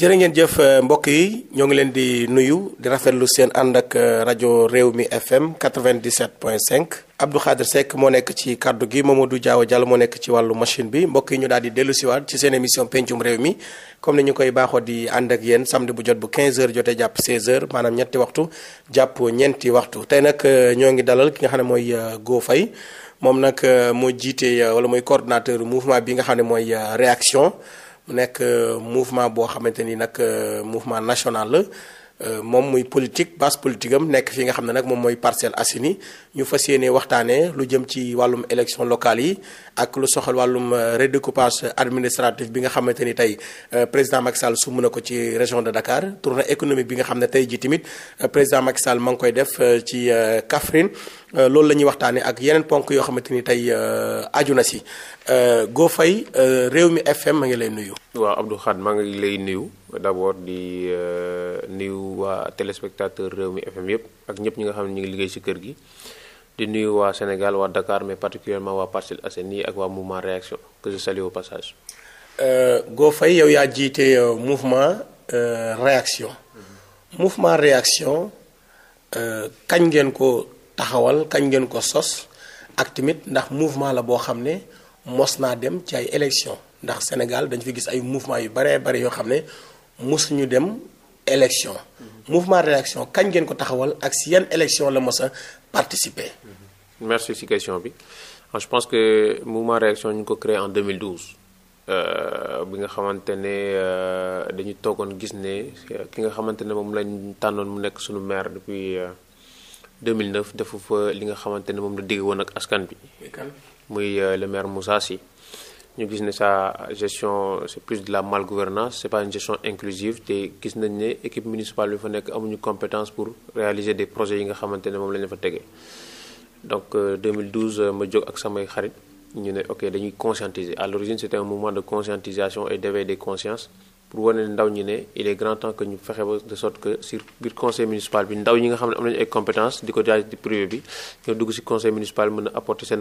jërë ngeen jëf euh, mbokk yi ñoo ngi leen di nuyu di rafetlu seen ànd ak euh, rajo réew mi FM 97.5 Abdou Khadre Seck moo nekk ci kàddu gi du Diaw Diallo moo nekk ci wàllu machine bi mbokk yi ñu daal di dellu siwaat ci seen émission pencum réew mi comme ni ñu koy baaxoo di ànd ak yéen samedi bu jot bu 15h jotee jàpp 16h maanaam ñetti waxtu jàpp ñeenti waxtu tey nag euh, ñoo ngi dalal ki nga xam ne mooy Go Faye moom nag moo jiitee wala mooy coordinateur mouvement bi nga xam ne mooy réaction. mu nekk euh, mouvement boo xamante ni nag euh, mouvement national la euh, moom muy politique base politique am nekk fi nga xam ne nag moom mooy Parcelles Assainies ñu fas yéene waxtaanee lu jëm ci wàllum élection locale yi ak lu soxal wàllum euh, redécoupage administratif bi nga xamante ni tey euh, président Macky Sall su mën a ko ci région de Dakar tournée économique bi nga xam ne tey ji tamit euh, président Macky Sall ma ngi koy def ci Kaffrine loolu la ñuy waxtaanee ak yeneen ponk yoo xamante ni tey aju na si Go réew mi FM ma ngi lay nuyu. waaw Abdou Khad ma ngi lay nuyu d'abord di nuyu waa téléspectateur mi FM yëpp ak ñëpp ñi nga xam ne ñu ngi liggéey ci kër gi. di nuyu waa Sénégal waa Dakar mais particulièrement waa Parcelles Assainies ak waa mouvement réaction que je salue au passage. Euh, Go Faye yow yaa jiite euh, euh, mm-hmm. mouvement réaction. mouvement réaction kañ ngeen ko taxawal kañ ngeen ko sos ak tamit ndax mouvement la boo xam ne mos naa dem ci ay élections ndax Sénégal dañ fi gis ay mouvement yu baree bari yoo xam ne mosuñu dem élection. mouvement réaction kañ ngeen ko taxawal ak si yan élection la mos a participer. merci si question bi ah, je pense que mouvement réaction ñu ngi ko créé en 2012. Euh, bi nga xamante ne euh, dañu toogoon gis ne ki nga xamante ne moom lañ tànnoon mu nekk suñu maire depuis 2009 euh, defu fa li nga xamante ne moom la digg woon ak askan bi muy le maire Moussa Sy ñu gis ne sa gestion c'est plus de la malgouvernance c'est pas une gestion inclusive te gis nañ ne équipe municipale bi fa nekk amuñu compétence pour réaliser des projet yi nga xamante ne moom la ñu fa tegee donc 2012 euh, euh, ma jóg ak samay xarit ñu ne ok dañuy conscientiser à l'origine c'était un mouvement de conscientisation et d'éveil des consciences pour wane ne ndaw ñi ne il est grand temps que ñu fexe ba de sorte que sur biir conseil municipal bi ndaw ñi nga xam ne am di ko jaay di privé bi ñoo dugg ci conseil a apporter seen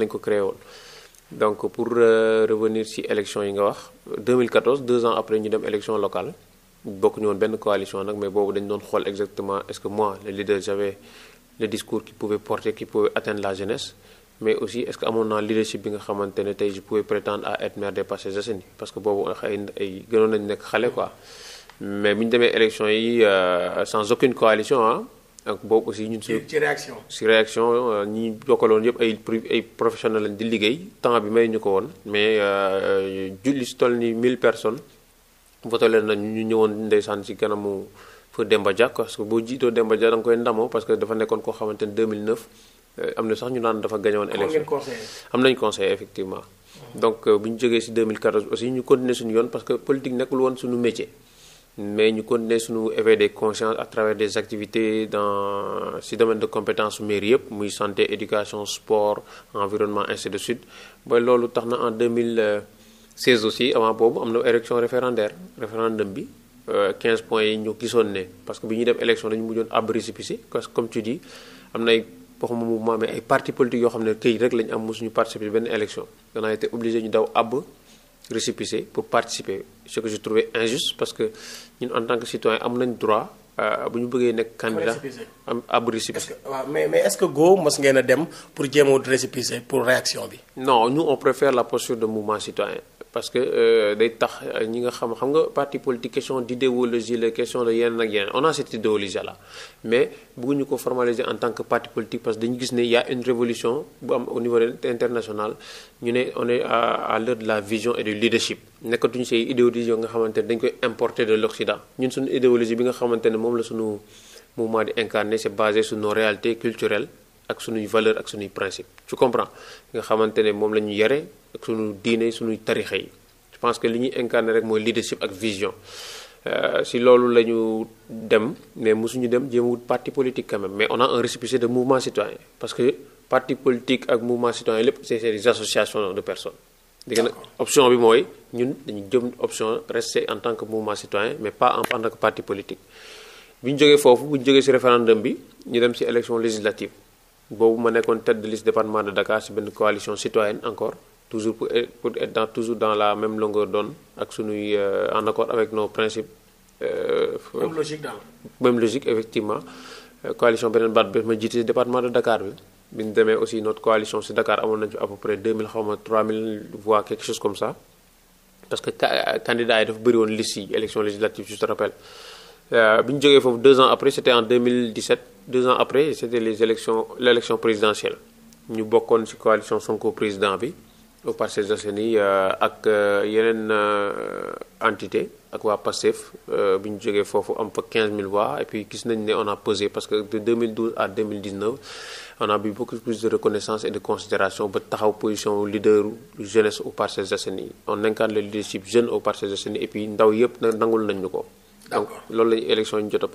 lañ ko woon donc pour euh, revenir ci élection yi nga wax 2014 deux ans après ñu dem élection locale bokk ñu woon benn coalition nag mais boobu dañu doon xool exactement est-ce que moi le leader j'avais le discours qui pouvait porter qui pouvait atteindre la jeunesse mais aussi est-ce que amoon naa leadership bi nga xamante ne tey je pouvais prétendre à être maire des Parcelles Assainies parce que boobu ay ay gënoon nañu nekk xale quoi mais bu ñu demee élection yi euh, sans aucune coalition ak boobu aussi ñun ci ci réaction. si réaction euh, ñi jokkaloon yëpp ay ay professionnels lañ di liggéey temps bi may ñu ko woon mais euh, julli si toll ni 1000 personnes voté leen ñu ñëwoon ndeysaan si kanamu fa Demba Dia parce que boo jiitoo Demba Dia da nga koy ndamoo parce que dafa nekkoon koo xamante ne 2009 euh, am na sax ñu naan dafa gañoon élection am nañ conseil effectivement. Mm. donc bu ñu jógee si 2014 aussi ñu continuer suñu yoon parce que politique nekkul woon suñu métier. mais ñu kon ne suñu éveil des consciences à travers des activités dans si domaine de compétence mairie yëpp muy santé éducation sport environnement ainsi de suite ba loolu tax na en 2016 aussi avant boobu am na élection référendaire référendum bi 15 euh, points yi ñu gisoon ne parce que bi ñuy dem élection dañu mujjoon ab récépissé parce que comme tu dis am na ay waxuma mouvement mais ay parti politique yoo xam ne këyit rek la ñu am mosuñu participer benn élection danaa été ñu daw ab récépissé pour participer ce que je trouvais injuste parce que ñun en tant que citoyen am nañ droit euh, bu ñu bëggee nekk candidat am ab récépissé waaw mais mais est-ce que go mos ngeen a dem pour jéem a récépissé pour réaction bi non nous on préfère la posture de mouvement citoyen parce que euh, day tax euh, ñi nga xam xam nga parti politique question d'idéologie la question de yenn ak yenn on a cette idéologie là mais bëgguñu ko formaliser en tant que parti politique parce que dañu gis ne y a une révolution bu am au niveau international ñu ne one est à l'heure de la vision et du leadership nekkatuñu say idéologie nga xamante ne dañ koy importer de l'Occident ñu suñu idéologie bi nga xamante ne moom la suñu mouvement di incarner c'est basé sur nos réalités ak suñuy valeurs ak suñuy principes tu comprends nga xamante ne moom la ñu yare ak sunu diine sunuy tarixa yi je que li ñuy incarné rek mooy leadership ak vision euh, si loolu la ñu dem mais suñu dem jéem wut parti politique quand même mais on a un récépissé de mouvement citoyen que parti politique ak mouvement citoyen lépp c'est des associations de personnes léegi nag option bi mooy ñun dañu jëm option rester en tant que mouvement citoyen mais pas en tant que parti politique bi ñu jógee foofu bu ñu jógee ci référendum bi ñu dem ci élection législative nekkoon tête de liste département de Dakar ci toujours pour être, pour dans, toujours dans la même longueur d'onde ak suñuy euh, en accord avec nos principes. Euh, même logique daal. même effectivement euh, coalition beneen baat bi ma jiite département de Dakar bi. bi demee aussi notre coalition si Dakar amoon nañu fi à peu près 2000 xaw ma 3000 voix quelque chose comme ça parce que candidat yi dafa bëri woon liste yi élection législative je rappelle. bi ñu jógee foofu deux ans après c' était en 2017 deux ans après c' était les président bi. au Parcelles Assainies euh, ak euh, yeneen euh, entité ak waa PASTEF bi ñu jógee foofu am fa 15000 voix et puis gis nañ ne on a parce que de 2012 à 2019 on a eu beaucoup plus de reconnaissance et de considération ba taxaw position leader jeunesse au Parcelles Assainies on incarne le leadership jeune au Parcelles Assainies et puis ndaw yëpp nangul nañ ñu ko. donc loolu la élection yi ñu jot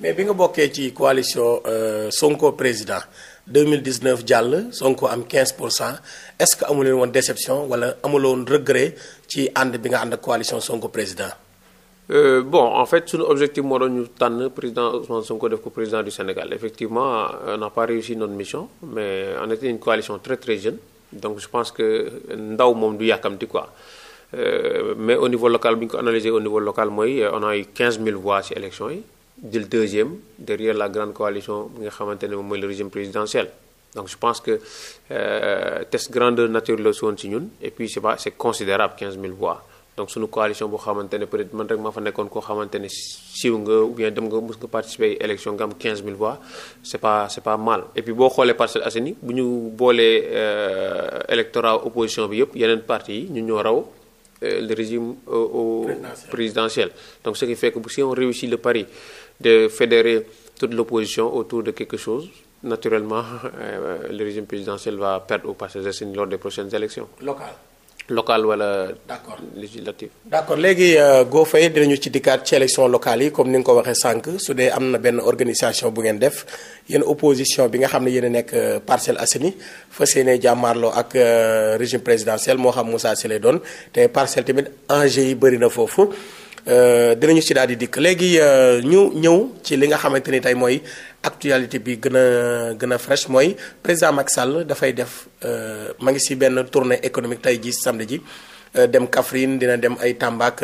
mais bi nga bokkee ci coalition Sonko président. 2019 jàll Sonko am 15 pour cent est-ce que amu woon déception wala amuloon regret ci ànd bi nga ànd ak coalition Sonko président. Euh, bon en fait suñu objectif moo doon ñu tànn président Ousmane Sonko def ko président du Sénégal effectivement euh, on n'a pas réussi notre mission mais on était une coalition très très jeune donc je pense que ndaw moom du yàkkamti quoi. Euh, mais au niveau local bi ñu ko analysé au niveau local mooy euh, on a eu 15 000 voix ci élection yi. jël deuxième derrière la grande coalition bi nga xamante ne moom mooy le régime présidentiel donc je pense que euh, test grandeur nature la su si ñun et puis c'est pas c'est considérable 15 000 donc suñu coalition boo xamante ne peut-être man rek maa fa nekkoon koo xamante ne siiw nga ou bien dem nga mus nga participer ay élection nga am 15 000 voix c'est pas c'est pas mal et puis boo xoolee Parcelles Assainies bu ñu boolee euh, électorat opposition bi yëpp yeneen parti yi ñu ñoo raw euh, le régime euh, au présidentiel donc ce qui fait que le pari de fédérer toute l'opposition autour de quelque chose, naturellement, euh, le régime présidentiel va perdre au passage de lors des prochaines élections. Locales. local wala. d'accord législatif. d'accord léegi euh, Go Faye dinañu ci dikkaat ci élection locale yi comme ni nga ko waxee sànq su dee am na benn organisation bu ngeen def yéen opposition bi nga xam ne yéen nekk euh, parcelle Assainies fas yéene jàmmaarloo ak euh, régime présidentiel moo xam Moussa Sy lay doon te parcelle tamit enjeu yi bëri na foofu. Euh, dinañu si daal dikk léegi euh, ñu ñëw ci li nga xamante ni tey mooy actualité bi gën a gën a fresh mooy président Macky Sall dafay def euh, ma ngi si benn tournée économique tey ji samedi ji dem Kaffrine dina dem ay Tambac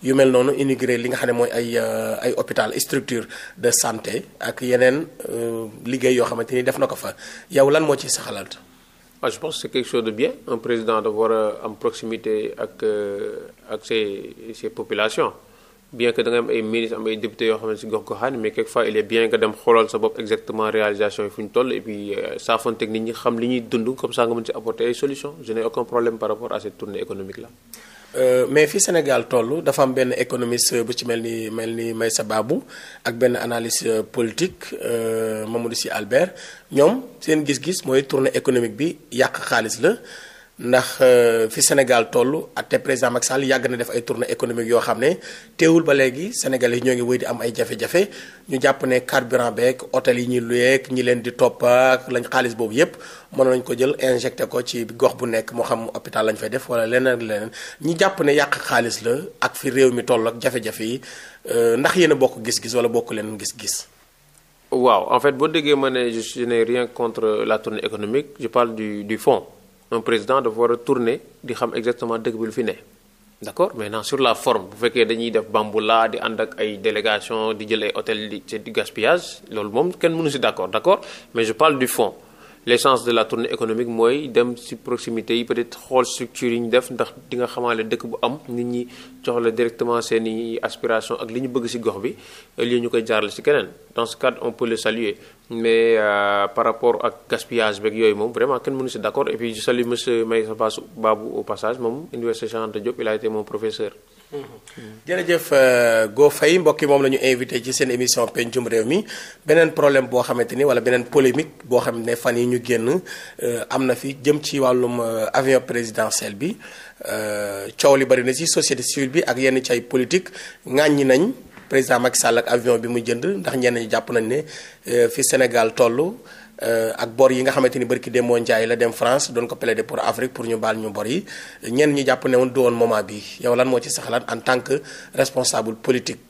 yu mel noonu inauguré li nga xam ne mooy ay ay hôpital structure de santé ak yeneen liggéey yoo xamante ni def na ko fa yow lan moo ci saxalaat ah je pense que c'est quelque chose de bien un président dafa war a am proximité ak euh, ak ses ses populations bien que da am ay ministres am ay députés yoo xam si gox goxaan mais quelquefois il est bien nga dem xoolal sa bopp exactement réalisation yi fu ñu toll et puis euh, saafonteeg nit ñi xam li ñuy dund comme ça nga mën si apporter ay solutions je n'ai aucun problème par rapport à cette tournée économique là. Euh, mais fi Sénégal toll dafa am benn économiste bu ci mel ni mel ni sa baabu ak benn analyse politique euh, Mamadou Sy Albert ñoom seen gis-gis mooy tournée économique bi yàq xaalis la. ndax euh, fi Sénégal toll te président Macky Sall yàgg na def ay tournée économique yoo xam ne teewul ba léegi Sénégalais yi ñoo ngi wéy di am ay jafe-jafe ñu jàpp ne carburant beeg hôtel yi ñuy luyeeg ñi leen di topp ak lañ xaalis boobu yépp mën nañ ko jël injecté ko ci gox bu nekk moo xam hôpital lañ fay def wala leneen leneen ñi jàpp ne yàq xaalis la ak fi réew mi toll ak jafe-jafe yi euh, ndax yéen a bokk gis-gis wala bokk leen gis-gis. waaw en fait boo déggee ma ne je n'ai la tournée économique je parle du du un président dafa war a tourner di xam exactement dëkk bi lu fi ne d' accord maintenant sur la forme bu fekkee dañuy def bamboula di ànd ak ay délégation di jël ay hôtel di c'est du gaspillage loolu moom kenn mënu si d' accord d' mais je parle du fond l'essence de la tournée économique mooy dem ci proximité yi peut-être xool structure yi ñu def ndax di nga xamaale dëkk bu am nit ñi jox la directement seen i aspiration ak li ñu bëgg ci gox bi lii ñu koy jaarale ci keneen dans ce cadre on peut le saluer mais euh, par rapport ak gaspillage beeg yooyu moom vraiment kenn mënu ci d'accord et puis je salue monsieur Maïssa Bassou Babou au passage moom Université Cheikh Anta Diop il a professeur jërëjëf euh, Go Faye mbokk yi moom la ñu invité ci seen émission pencum réew mi beneen problème boo xamante ni wala beneen polémique boo xam ne fan yi ñu génn euh, am na fi jëm ci wàllum euh, avion présidentiel bi coow li bari na ci société civile bi ak yenn ci ay politique ŋàññi nañ président Macky Sall ak avion bi mu jënd ndax ñenn ñi jàpp nañ ne fi Sénégal toll. Euh, ak bor yi nga xamante ni barki Demba Ndiaye la dem France doon ko plaider pour Afrique pour ñu baal ñu bor yi ñenn ñi jàpp ne woon du woon moment bi yow lan moo ci saxalaat en tant que responsable politique.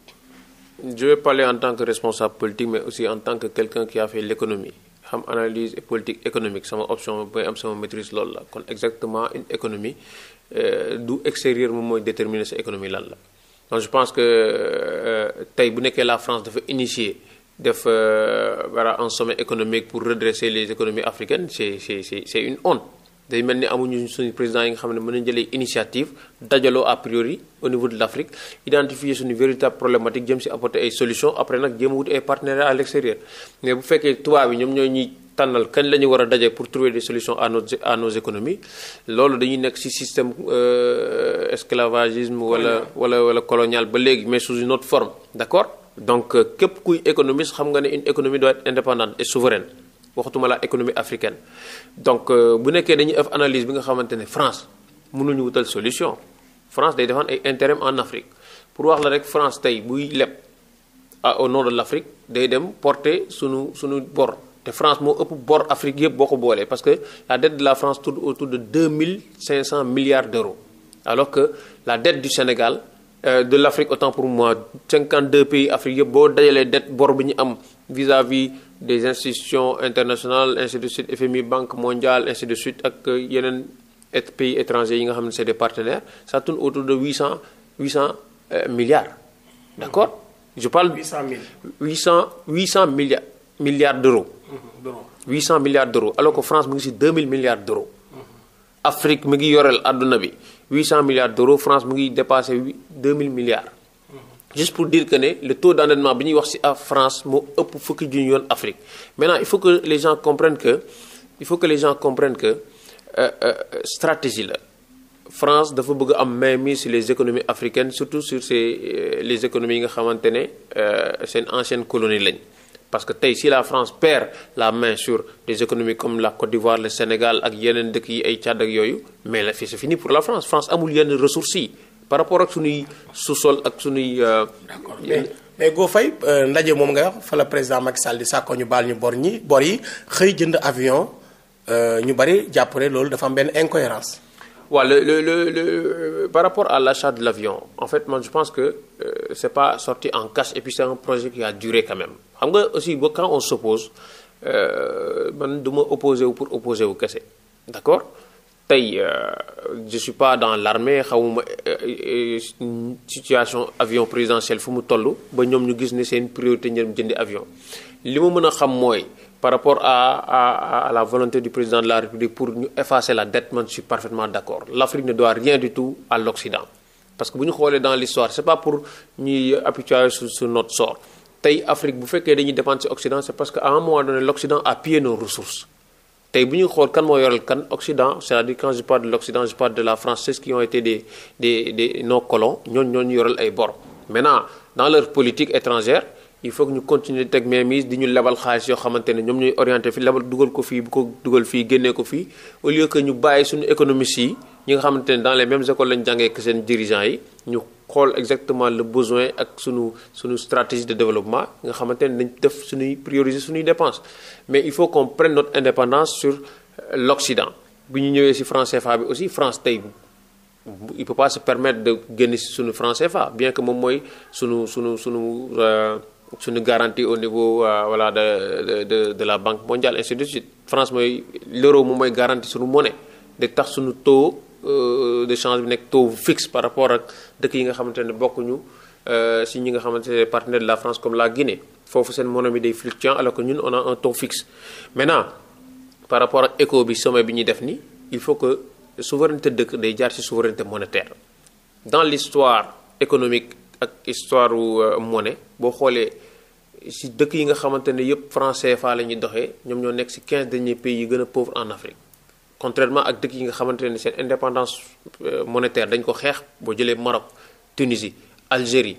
je parler en tant que responsable politique mais aussi en tant que quelqu'un qui a fait l'économie xam analyse et politique sama option bay am sama maîtrise loolu la kon exactement une économie euh, du extérieur moom mooy déterminer sa économie lan la je pense que euh, tey bu nekkee la France dafa initier. def wara euh, un sommet économique pour redresser les économies africaines c'est c'est c'est une honte day mel ni amuñu suñu président yi nga xam ne mën nañ jëlee initiative dajaloo a priori au niveau de l'Afrique identifier suñu véritable problématique jëm si apporter ay solution après nag jëm a wut ay partenaires à l'extérieur mais bu fekkee tubaab yi ñoom ñoo ñuy tànnal kañ la ñu war a daje pour trouver des solutions à nos à nos économies loolu dañuy nekk ci système euh, esclavagisme wala wala wala colonial ba léegi mais sous une forme d'accord donc euh, képp kuy économiste xam nga ne une économie doit être indépendante et souveraine waxatuma la économie africaine donc euh, bu nekkee dañuy def analyse bi nga xamante ne France mënuñu wutal solution France day défendre ay intérêt en Afrique pour wax la rek France tey buy leb ah au nom de day dem porte sunu sunu bor te France moo ëpp bor Afrique yëpp boo ko boolee parce que la dette de la France tourne autour de 2500 milliards d'euros alors que la dette du Sénégal Euh, de l' Afrique autant pour moi 52 pays Afrique yëpp boo dajalee dette bor bi ñu am vis-à-vis des institutions internationales ainsi de suite FMI Banque mondiale ainsi de suite ak euh, yeneen pays étrangers yi nga xam ne c'est des partenaires ça tourne autour de 800 800 euh, milliards d'accord je parle 800 000 800 800 milliards milliards d'euros. 800 mm-hmm, milliards d'euros alors que France mu ngi ci 2000 milliards d'euros. Mm-hmm. Afrique mi ngi yoreel àdduna bi cent milliards d'euros France mu ngi dépassé 2000 milliards. Mm-hmm. juste pour dire que ne le taux d'endettement bi ñuy wax ci France moo ëpp fukki junni yoon Afrique maintenant il faut que les gens comprennent que il faut que les gens comprennent que euh, euh, stratégie la France dafa bëgg am mais sur les économies africaines surtout sur ces euh, les économies yi nga xamante ne euh, seen ancienne colonie lañ. parce que tey si la France perd la main sur des économies comme la Côte d'Ivoire le Sénégal ak yeneen dëkk yi ay Tchad ak yooyu mais la fi c'est fini pour la France France amul yenn ressources yi par rapport ak suñuy sous-sol ak suñuy. Euh, d'accord mais mais Go Faye euh, ndaje moom nga wax fa la président Macky Sall di sàkkoo ñu baal ñu bor ñi bor yi xëy jënd avion euh, ñu bari jàpp ne loolu dafa am benn incohérence waaw le le le le par rapport à l'achat de l'avion en fait man je pense que euh, c'est pas sorti en cash et puis c'est un projet qui a duré quand même xam nga aussi ba quand on s'oppose euh, man du ma opposé wu pour opposé wu kese d'accord tey euh, je suis pas dans l'armée xawuma situation avion présidentielle fu mu toll ba ñoom ñu gis ni seen priorité ñoom jëndi avion li ma mën a xam mooy par rapport à, la volonté du président de la République pour ñu effacer la dette man je suis parfaitement d'accord l'Afrique ne doit rien du tout à l'Occident parce que bu ñu xoolee dans l'histoire c'est pas pour ñuy apitoyer sur sur notre tey Afrique bu fekkee dañuy dépendre ci Occident c'est parce que à un moment donné l'Occident a pillé nos ressources tey bu ñu xool kan moo yoral kan Occident c'est-à-dire quand je parle de l'Occident je parle de la France c'est ce qui ont été des des ay bor maintenant dans leur politique étrangère il faut que ñu continuer teg même mise di ñu lebal xaalis yoo xamante ne ñoom ñooy orienté fi lebal dugal ko fii bu ko dugal fii génnee ko fii au lio que ñu bàyyi suñu économistes yi ñi nga xamante ne dans les mêmes écoles lañu jàngee que seen dirigeants yi ñu xool exactement le besoin ak suñu suñu stratégie de développement nga xamante ne dañ def suñuy prioriser suñuy dépense mais il faut qu'on prenne notre indépendance sur euh, l'Occident bu ñu ñëwee si franc CFA bi aussi France tey il peut pas permettre de génn ci suñu franc CFA bien que moom mooy suñu suñu suñu euh, suñu garantie au niveau euh, voilà de de de la banque mondiale ainsi de suite France mooy l'euro moom mooy garantie suñu monnaie de tax suñu taux euh, de change bi nekk taux fixe par rapport ak dëkk yi nga xamante ne bokkuñu euh, si ñi nga xamante ne partenaire de la France comme la Guinée foofu seen monnaie bi day fluctuant alors que ñun on a un taux fixe maintenant par rapport ak éco bi sommet bi ñuy def nii il faut que souveraineté dëkk day jaar ci souveraineté monétaire dans l'histoire économique ak histoire wu euh, boo xoolee si dëkk yi nga xamante ne yëpp franc CFA la ñuy doxee ñoom ñoo nekk ci 15 derniers pays yi gën a pauvre en Afrique contrairement ak dëkk yi nga xamante ne seen indépendance euh, monétaire dañ ko xeex boo jëlee Maroc Tunisie Algérie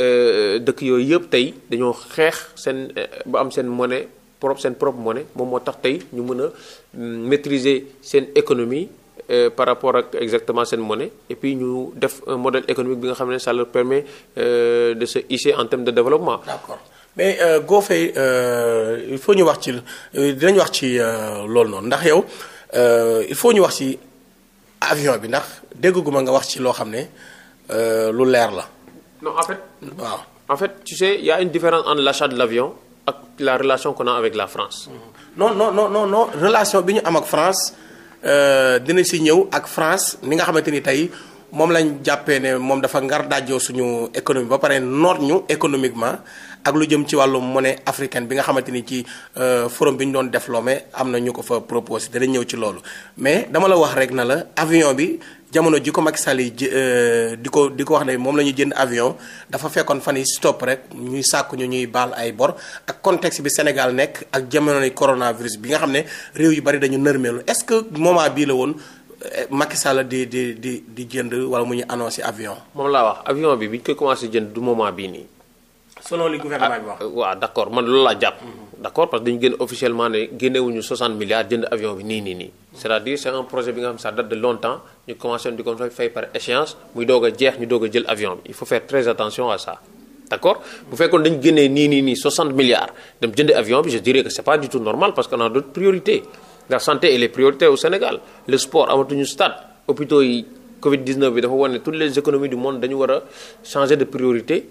euh, dëkk yooyu yëpp tey dañoo xeex seen ba am seen monnaie propre seen propre monnaie moom moo tax tey ñu mën a mm, maîtriser seen économie Euh, par rapport ak exactement seen monnaie et puis ñu def un modèle économique bi nga xam ne ça leur permet euh, de se hisser en termes de développement. D'accord. mais euh, Go Faye il faut ñu wax ci dinañ wax ci loolu noonu ndax yow il faut ñu wax ci avion bi ndax dégguma nga wax ci loo xam ne lu leer la. non en fait. waaw en fait tu sais il y a une différence entre l'achat de l'avion ak la relation qu'on a avec la France. Mm-hmm. non non non non non relation bi ñu am ak France. Euh, dina si ñëw ak France mi nga xamante ni tey moom lañ jàppee ne moom dafa ngar daajoo suñu économie ba pare noot ñu économiquement ak lu jëm ci wàllu ne africain bi nga xamante ni ci euh, forum bi ñu doon développé am na ñu ko fa proposé danañ ñëw ci loolu mais dama la wax rek na la avion bi jamono ji ko Macky Sall yi euh, di ko di ko wax ne moom la ñuy jënd avion dafa fekkoon fan stop rek ñuy sàkk ñu ñuy baal ay bor ak contexte bi Sénégal nekk ak jamonoy coronavirus bi nga xam ne réew yu bari dañu nërmeelu est-ce que moment bii la woon euh, Macky Sall di di di di jënd wala mu ñu annonce avion. moom laa wax avion bi bi ñu koy jënd du moment bii nii. selon li gouvernement bi wax. Ah, waaw d' man loolu laa jàpp. d' parce que dañu génn officiellement ne génnewuñu 60 milliards jënd avion bi nii nii nii. c' est à dire c' est un projet bi nga xam ça date de longtemps ñu commencé woon di ko fay par échéance muy doog a jeex fekkoon dañu génnee nii nii nii 60 milliards dem jënd avion bi je dirais que c' est pas du tout normal parce que on a d' autres santé et les priorités au Sénégal le sport amatuñu stade hôpitaux yi Covid 19 bi dafa wane toutes les économies du monde dañu war a changer de priorité.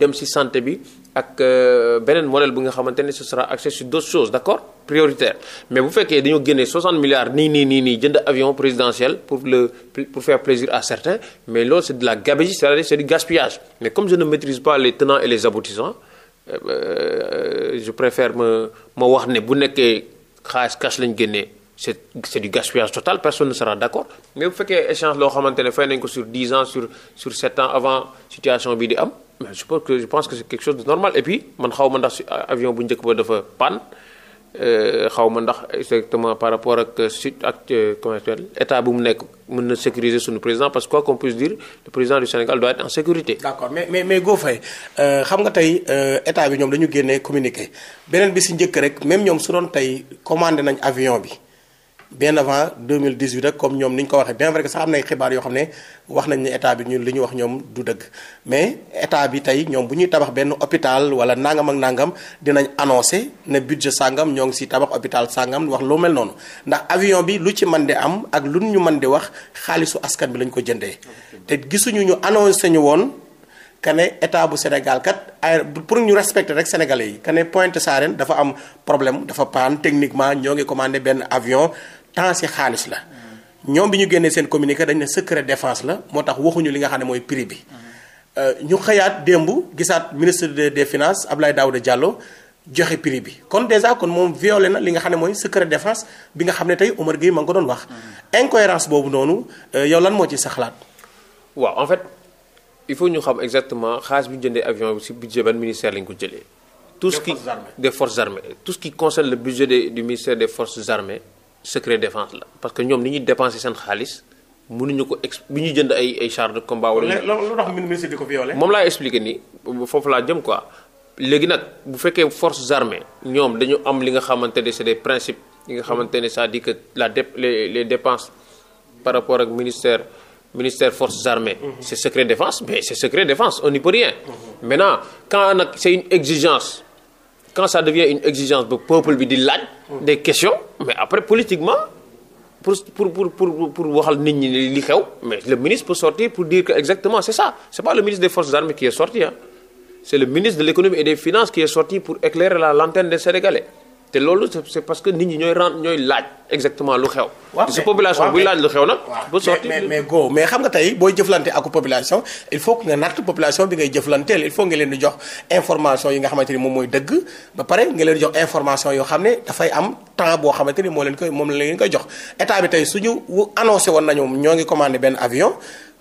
dem si santé bi ak euh, beneen modèle bu nga xamante ne ce sera axé sur d'autres choses d'accord prioritaire mais bu fekkee dañoo génnee 60 milliards nii nii nii nii jënd avion présidentiel pour le pour faire plaisir à certains mais loolu c'est de la gabegie c'est-à-dire c'est du gaspillage mais comme je ne pas les tenants et les aboutissants euh, euh je préfère ma ma wax ne bu nekkee xaalis cash lañ génnee c'est c'est du gaspillage total personne ne sera d'accord mais bu fekkee échange loo xamante ne fay nañ ko sur 10 ans sur sur ans avant situation bi di am mais je pense que je pense que c'est quelque chose de normal et puis man xaw ma ndax avion bu njëkk ba dafa panne euh, xaw ndax exactement par rapport ak euh, sud ak euh, comment état bu mu nekk mën na sécuriser sunu président parce que quoi qu'on puisse dire le président du Sénégal doit être en sécurité. d'accord mais mais mais Go xam nga état bi ñoom dañu génnee communiqué beneen bi si njëkk rek même ñoom su doon tey commandé nañ avion bi. bien avant 2018 rek comme ñoom ni ñu ko waxee bien vrai que sax am na ay xibaar yoo xam ne wax nañ ne état bi ñun li ñu wax ñoom du dëgg mais état bi tey ñoom bu ñuy tabax benn hôpital wala nangam ak nangam dinañ annoncé ne budget sangam ñoo ngi si tabax hôpital sangam wax loo mel noonu ndax avion bi lu ci mën di am ak lu ñu mën di wax xaalisu askan bi lañ ko jëndee te gisuñu ñu annoncé ñu woon. que ne état bu Sénégal kat ay pour ñu respecter rek sénégalais yi que ne Pointe Sarène dafa am problème dafa paan techniquement ñoo ngi commandé benn avion temps si xaalis la. ñoom bi ñu génnee seen communiqué dañu ne secret défense la moo tax waxuñu li nga xam ne mooy prix bi. Euh, ñu xëyaat démb gisaat ministre de des finances Abdoulaye Daouda Diallo joxe prix bi kon déjà kon moom violé na li nga xam ne mooy secret défense bi nga xam ne tey Omar Gueye ma nga ko doon wax. Hmm. incohérence boobu noonu euh, yow lan moo ci sa il faut ñu xam exactement xaalis bi ñu jëndee avion bi ci budget ban ministère la ko jëlee. tout ce qui des forces armées tout ce qui concerne le budget des du ministère des forces armées secret défense la parce que ñoom ni ñuy dépenser seen xaalis ñu ko ex bi ñu jënd ay ay chars de combat. wala loolu tax ministre bi ko violé. moom laa expliqué ni foofu laa jëm quoi léegi nag bu fekkee forces armées ñoom dañu am li nga xamante ne c'est des principes yi nga xamante ne cest la dé les les par rapport ak ministère. ministère forces armées. Mhm. c'est secret défense mais c'est secret défense on n'y peut rien. Mhm. maintenant quand nag c'est une exigence quand ça devient une exigence ba peuple bi di laaj. Mhm. des questions mais après politiquement. pour pour pour pour pour waxal nit ñi li xew mais le ministre peut sortir pour dire que exactement c'est ça c'est pas le ministre des forces armées qui est sorti c'est le ministre de l'économie et des finances qui est sorti pour éclairer la lanterne des te loolu c'est parce que nit ñi ñooy rend ñooy laaj exactement lu xew. waaw mais population buy laaj lu xew nag. ba sotti mais mais go mais xam nga tey booy jëflante ak population il faut que nga natt population bi ngay jëflanteel il faut nga leen di jox information yi nga xamante ni moom mooy dëgg ba pare leen jox information yoo xam ne dafay am temps boo xamante ni moo leen koy moom la leen koy jox état bi tey suñu annoncé woon nañu ñoo ngi commandé benn avion.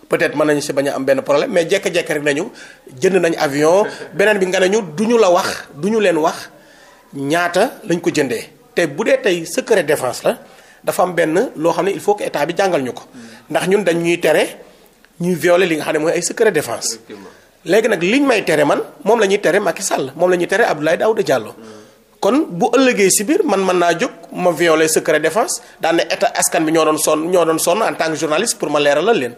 peut-être mën nañu si bañ am benn problème mais jékki-jékki rek nañu jënd nañu avion beneen bi nga ne ñu la wax duñu leen wax. ñaata lañ ko jëndee te bu dee tey secret défense la dafa am benn loo xam ne il faut que état bi jàngal ñu ko ndax ñun dañ ñuy tere ñuy violer li nga xam ne mooy ay secret défense. léegi nag liñ may la ñuy tere Macky Sall moom tere bu bi ñoo doon sonn ñoo doon sonn en tant que journaliste pour ma leeralal leen.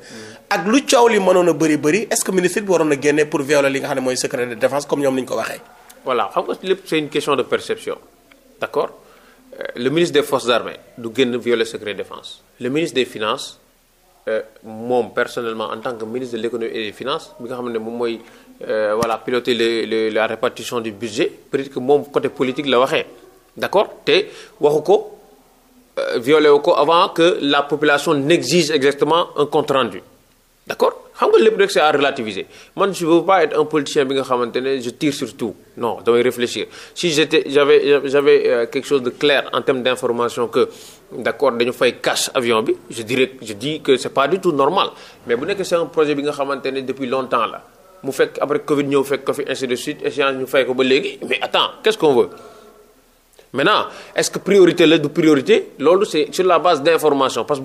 ak lu coow li mënoon a bëri bëri est-ce que ministre bi waroon a génne pour violer li nga xam ne mooy secret de défense comme ñoom ni ñu ko waxee. voilà xam nga lépp c'est une question de perception d'accord euh, le ministre des forces armées du génn violer de défense le ministre des finances Euh, moom personnellement en tant que ministre de l'économie et des finances bi nga xam ne moom mooy euh, voilà piloter le, le la répartition du budget peut-être que moom côté politique la waxee d'accord te waxu ko euh, violé wu ko avant que la population n'exige exactement un compte rendu d' accord xam nga lépp rek c' est à relativiser man je veux pas être un politicien bi nga xamante je tire sur non damay réfléchir si j' étais j' quelque chose de clair en termes d' information que d' accord dañu fay cash avion bi je dirais je dis que c' pas du tout normal mais bu nekk c' est projet bi nga xamante ne depuis longtemps la mu fekk après Covid ñëw fekk ko fi ainsi de suite échéance ñu fay ko ba léegi mais attends qu' ce qu'on information parce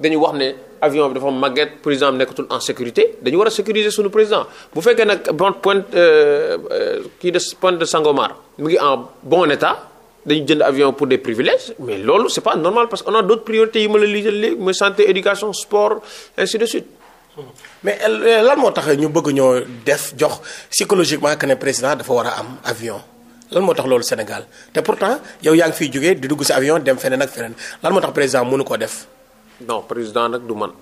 dañu wax ne avion bi dafa màgget président bi nekkatul en sécurité dañu war a sécuriser suñu président bu fekkee nag bon point euh, euh, kii de point de Sangomar mu ngi en bon état dañu jënd avion pour des privilèges mais loolu c'est pas normal parce que on a d'autres priorités yi ma la liggéey léegi mooy santé éducation sport ainsi de suite. mais euh, lan moo tax ñu bëgg ñoo def jox psychologiquement que ne président dafa war a am avion lan moo tax loolu Sénégal te pourtant yow yaa ngi fiy jógee di dugg sa avion dem feneen ak feneen lan moo tax président mënu ko def. non président nag du man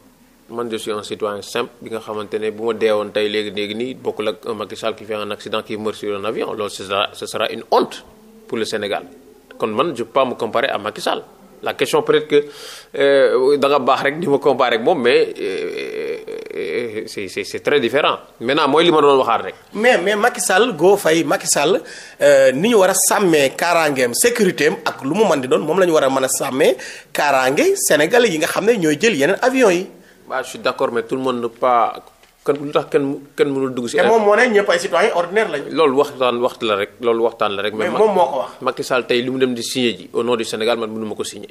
man je suis un citoyen simple bi nga xamante ne bu ma deewoon tey léegi léegi nii bokk ak un Macky Sall qui fait un accident qui meurt sur loolu ce sera ce sera une honte pour le Sénégal kon man je peux pas me comparer à Macky la question peut-être que da nga baax rek di ma comparer moom mais euh, euh, euh, c'est c'est c'est très différent maintenant mooy li ma doon waxaat rek. mais mais Macky Sall goo fay Macky Sall ni ñu war a sàmmee kaaraangeem sécurité ak lu mu mën di doon moom la ñu war a mën a sàmmee kaaraange sénégalais yi nga xam ne ñooy jël yeneen avions yi. waaw je suis d'accord mais tout le monde pas. kan lu tax kenn kenn mënul dugg si. te moom moo ne ñëpp ay citoyen ordinaire lañu. loolu waxtaan waxtu la rek loolu waxtaan la rek. mais moom moo ko wax. Macky tey li mu dem di signé ji au nom du Sénégal man mënu ko signé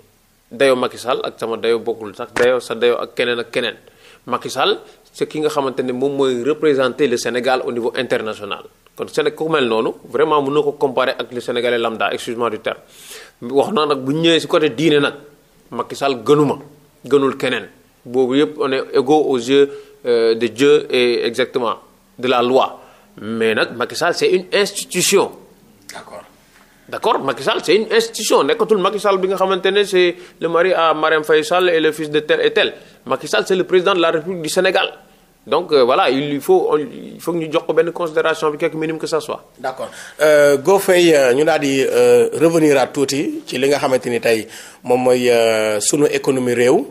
dayoo Macky ak sama dayoo bokkul sax dayoo sa dayoo ak keneen ak keneen Macky Sall ki nga xamante ne moom mooy représenter le Sénégal au niveau international. kon Sénégal ku mel noonu vraiment mën na ko comparer ak le Sénégalais lambda excuse-moi du terme wax naa nag bu ñu ñëwee si côté diine nag Macky Sall gënuma gënul keneen boobu yëpp euh, de Dieu et exactement de la loi mais nag Macky Sall c'est une institution. d'accord d'accord Macky Sall c'est une institution nekkatul Macky Sall bi nga xamante ne c'est le mari à Marième Faye et le fils de tel et tel Macky Sall c'est le président de la République du Sénégal. donc euh, il faut on, il faut ñu jox ko benn considération bi quelque minimum que ça soit. d'accord euh, Go Faye euh, ñu daal di euh, revenir à tuuti ci li nga xamante ni tey moom mooy sunu économie réew.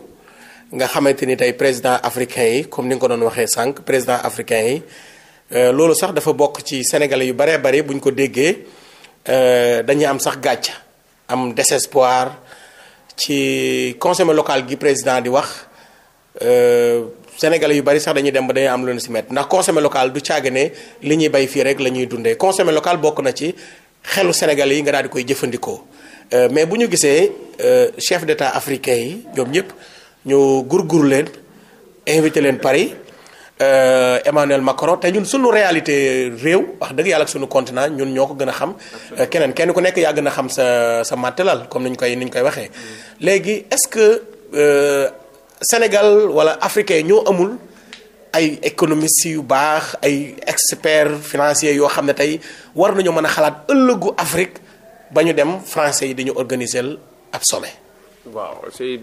nga xamante ni tey président africain yi comme ni nga ko doon waxee sànq président africain yi euh, loolu sax dafa bokk ci sénégalais yu baree bari bu ñu ko déggee euh, dañuy am sax gàcc am désespoir ci conseil local gi président di wax euh, sénégal yu bari sax dañuy dem ba dañuy am lu ñu si met ndax conseil local du caage ne li ñuy bay fii rek la ñuy dundee conseil local bokk na ci xelu sénégal yi nga daal di koy jëfandikoo mais bu ñu gisee chef d'état africain yi ñoom ñëpp. ñu gurguru leen invité leen Paris euh, Emmanuel Macron te ñun suñu réalité réew wax dëgg yàlla ak suñu continent ñun ñoo ko gën a xam. Euh, keneen kenn ku nekk yàgg na xam sa sa comme ni ñu koy ni ñu koy waxee. Mm. léegi est-ce que euh, Sénégal wala africain ñoo amul. ay économistes yu baax ay experts financier yoo xam ne tey war nañu mën a xalaat ëllëgu Afrique ba ñu dem français yi dañu organiser ab sommet. waaw c'est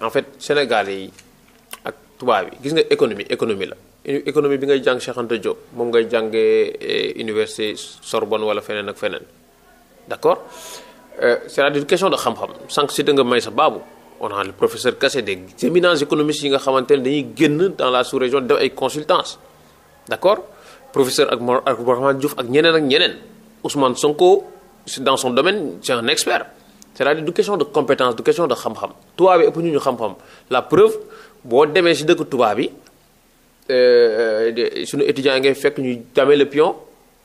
en fait sénégal yi ak tubaab yi gis nga économie économie la économie bi ngay jàng Cheikh Anta Diop moom ngay jàngee eh, université Sorbonne wala feneen ak feneen d'accord euh, c'est-à-dire question de xam-xam sànq si da nga may sa baabu on a le professeur Kassé des éminents économistes yi nga xamante ne dañuy génn dans la sous-région def ay consultance d'accord professeur ak Mor ak Mohamed Diouf ak ñeneen ak ñeneen Ousmane Sonko dans son domaine c'est un expert c'est-à-dire du question de compétence du question de xam-xam tubaab yi ëpp ñu ñu xam-xam la preuve boo demee si dëkk tubaab yi euh, euh, suñu étudiants yi ngay fekk ñuy damee le pion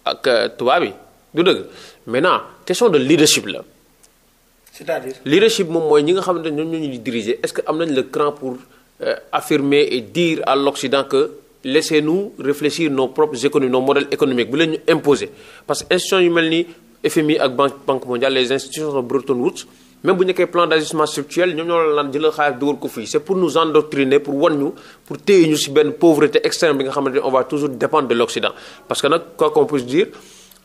ak euh, tubaab yi du dëgg maintenant question de leadership la. c'est-à-dire leadership moom mooy ñi nga xamante ne ñoom ñoo ñu diriger est-ce que am nañ le cran pour affirmer et dire à l'Occident que laissez nu réfléchir no propres économies nos modèles économiques bu leen ñu imposer parce que institutions FMI ak banque banque mondiale les institutions de Bretton Woods même bu nekkee plan d' ajustement structurel ñoom ñoo la naan jëlal xaalis dugal ko fii c' est pour nous endoctriner pour wan ñu pour téye ñu si benn pauvreté extrême bi nga xamante ne on va toujours de l' parce que nag quoi qu'on puisse dire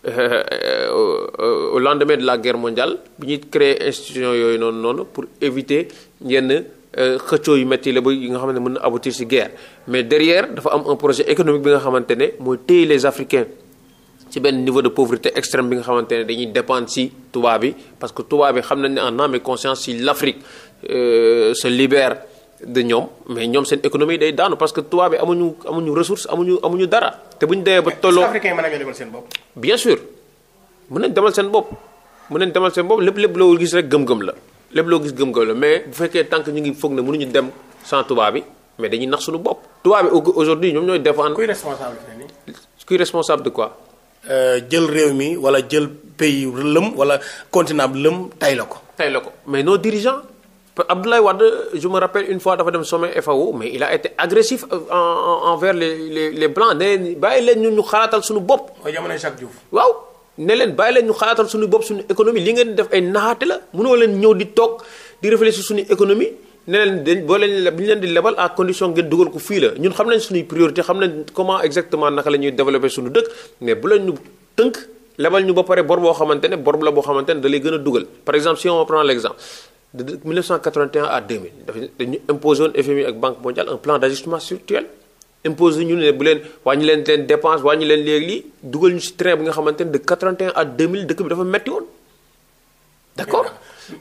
euh, euh, au lendemain de la guerre mondiale bu ñu créer institution yooyu noonu noonu pour éviter yenn euh, xëccoo yu métti la ba yi nga xamante ne mën na aboutir si guerre mais derrière dafa un projet économique bi nga xamante ne mooy téye les Africains ci benn niveau de pauvreté extrême bi nga xamante ne dañuy dépendre si tubaab bi parce que tubaab bi xam nañ ne en âme et conscience si l'Afrique euh, se libère de ñoom mais ñoom seen économie day daanu parce que tubaab bi amuñu amuñu ressource amuñu amuñu dara te bu ñu demee ba tolloo demal seen bopp. bien sûr mën nañ demal seen bopp mën nañ demal seen bopp lépp lépp loo gis rek gëm-gëm la lépp loo gis gëm-gëm la mais bu fekkee tant ñu ngi foog ne mënuñu dem sans tubaab bi mais dañuy nax suñu bopp. tubaab bi aujourd'hui ñoom ñooy défendre. kuy responsable kuy responsable quoi. Euh, jël réew mi wala jël pays lëm wala continent bi lëm tay la ko. tay la ko mais nos dirigeants Abdoulaye Wade je me rappelle une fois dafa dem sommet FAO mais il a été agressif euh, en, en, envers le les les blancs ne leen bàyyi leen ñu ñu xalaatal suñu bopp. mooy jamono Jacques Diouf. waaw ne leen bàyyi leen ñu xalaatal suñu bopp suñu économie li ngeen def ay naxaate la mënoo leen ñëw di toog di réfléchir suñu économie. ne leen dañ boo leen bu ñu leen di lebal à condition ngeen dugal ko fii la ñun xam nañ suñuy priorité xam nañ comment exactement naka la ñuy développer suñu dëkk mais bu leen ñu tënk lebal ñu ba pare bor boo xamante ne bor la boo xamante ne da lay gën a dugal par exemple si on prend l'exemple de 1981 dañu imposé woon FMI ak Banque mondiale un plan d'ajustement structurel imposé ñu ne bu leen wàññi leen leen dépense wàññi leen léegi dugal ñu si train bi nga xamante ne de 81 à 2000 dëkk bi dafa metti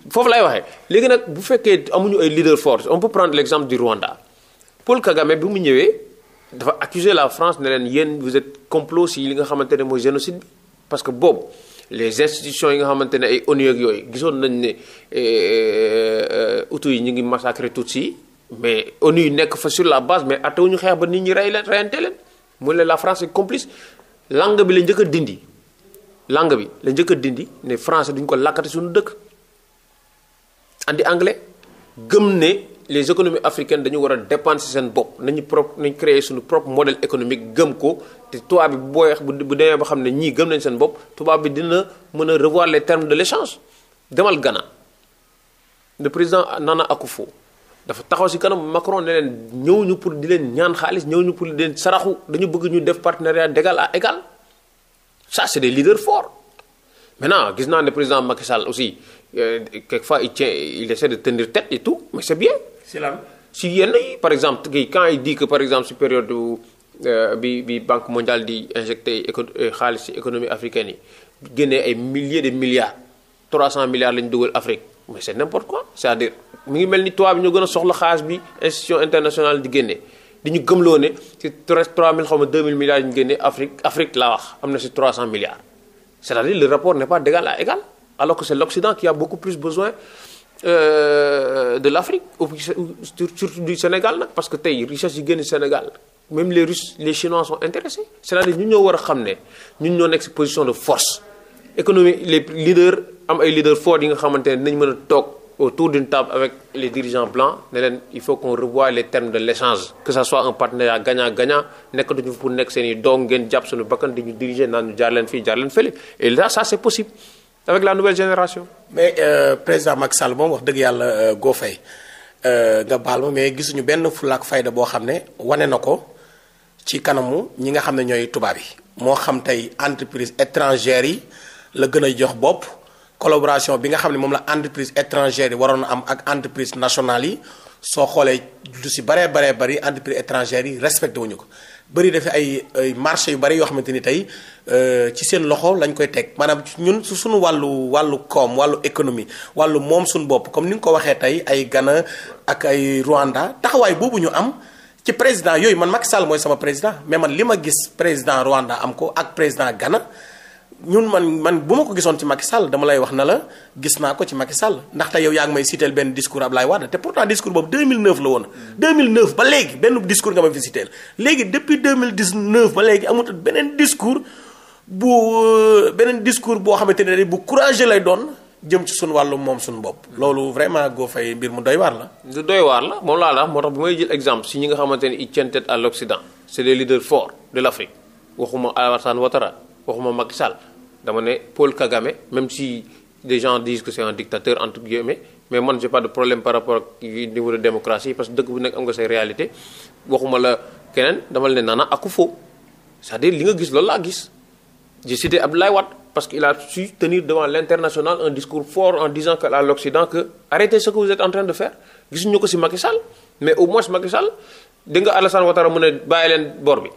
foofu lay waxee léegi nag bu fekkee amuñu ay leader force on peut prendre l'exemple du Rwanda Paul Kagame bi mu ñëwee dafa accuser la France ne leen yéen vous êtes complot si li nga xamante ne mooy génocide bi parce que boobu les institutions yi nga xamante ne ay ONU yooyu gisoon nañ ne utu eh, eh, yi ñu ngi massacrer tout si mais ONU yi nekk fa sur la base mais ñu xeex ba nit ñi rey leen reyante leen mu ne la France est complice langue bi la njëkk a dindi langue bi la njëkk dindi ne français duñ ko lakkati suñu dëkk indi anglais gëm ne les économies africaines dañu war a dépendre si seen bopp nañu propre nañ créer suñu propre modèle économique gëm ko te tubaab bi bu booyeex bu demee ba xam ne ñii gëm nañ seen bopp tubaab bi dina mën a revoir les termes de l'échange demal Ghana le président Nana Akufo dafa taxaw si kanam Macron ne leen ñëw ñu pour di leen ñaan xaalis ñëw ñu pour di leen saraxu dañu bëgg ñu def partenariat d'égal à égal ça c'est des leaders forts maintenant gis naa ne président Macky aussi Euh, quelquefois il tient il essaie de tenir tête et tout mais c'est bien. si lan si yenn yi par exemple quand il dit que par exemple si période euh, bi bi banque mondiale di injecté éco euh, xaalis si économie africaine yi génnee ay milliers de milliards 300 milliards lañ dugal Afrique mais c'est n'importe quoi c'est-à-dire mi ngi mel ni tubaab bi ñoo gën a soxla xaalis bi institution internationale di génne di ñu gëmloo ne ci 3000 xaw ma 2000 milliards yi ñu génne Afrique Afrique laa si 300 milliards c'est-à-dire le alors que c'est l'Occident qui a beaucoup plus besoin euh, de l'Afrique ou surtout du Sénégal nag parce que tey richesse yi génn Sénégal même les Russes les Chinois sont intéressés c'est-à-dire ñun ñoo war a xam ne ñun ñoo nekk si position de force économie les leaders am ay leaders forts yi nga xamante ne dinañ mën a toog autour d'une table avec les dirigeants blancs ne leen il faut qu'on revoie les termes de l'échange que ça soit un partenariat gagnant-gagnant nekkatuñu pour i doom ngeen ñu diriger leen fii jaar leen avec la nouvelle génération. mais euh, président mac Sall moom wax dëgg yàlla euh, goo fay euh, nga baal ma mais gisuñu benn fulaak fayda boo xam ne wane na ko ci kanamu ñi nga xam ne ñooy tubaab yi. moo xam tey entreprise étrangère yi la gën a jox bopp collaboration bi nga xam ne moom la entreprise étrangère yi waroon am ak entreprise nationale yi soo xoolee du si baree baree bari entreprise étrangère yi respecté wuñu ko bëri dafa ay ay marché yu bari yoo xamante ni tey. Euh, ci seen loxo lañ koy teg maanaam ñun su suñu wàllu wàllu koom wàllu économie wàllu moom suñu bopp comme ni nga ko waxee tey ay Ghana ak ay Rwanda taxawaay boobu ñu am ci président yooyu man Macky Sall mooy sama président mais man li ma gis président Rwanda am ko ak président Ghana ñun man man bu ma ko gisoon ci Macky Sall dama lay wax na la gis naa ko ci Macky Sall ndaxte yow yaa ngi may citeel benn discours Ablaye Wade te pourtant discours boobu 2009 la woon. 2009 ba léegi benn discours nga ma fi citeel léegi depuis 2019 ba bu euh, beneen discours boo xamante ne bu courageux lay doon jëm suñu wàllu moom suñu bopp. loolu vraiment goo fay mbir mu doy waar la. du doy waar la moo tax bu exemple si ñi nga xamante ne ils tiennent tête à l'Occident c'est des leaders forts de l'Afrique waxuma Alassane Ouattara waxuma Macky Sall dama ne Paul Kagame même si des gens disent mais man j'ai par rapport de démocratie parce que dëkk bu nekk am nga say réalité waxuma la keneen dama la ne Nana ku c'est-à-dire li nga gis loolu laa gis. J'ai cité Abdoulaye Wade parce qu'il a su tenir devant l'international un discours fort en disant que à l'Occident que arrêtez ce que vous êtes en train de faire gisuñu ko ci Macky Sall mais au moins Macky Sall di nga Alassane Ouattara mu ne bàyyi leen bor bi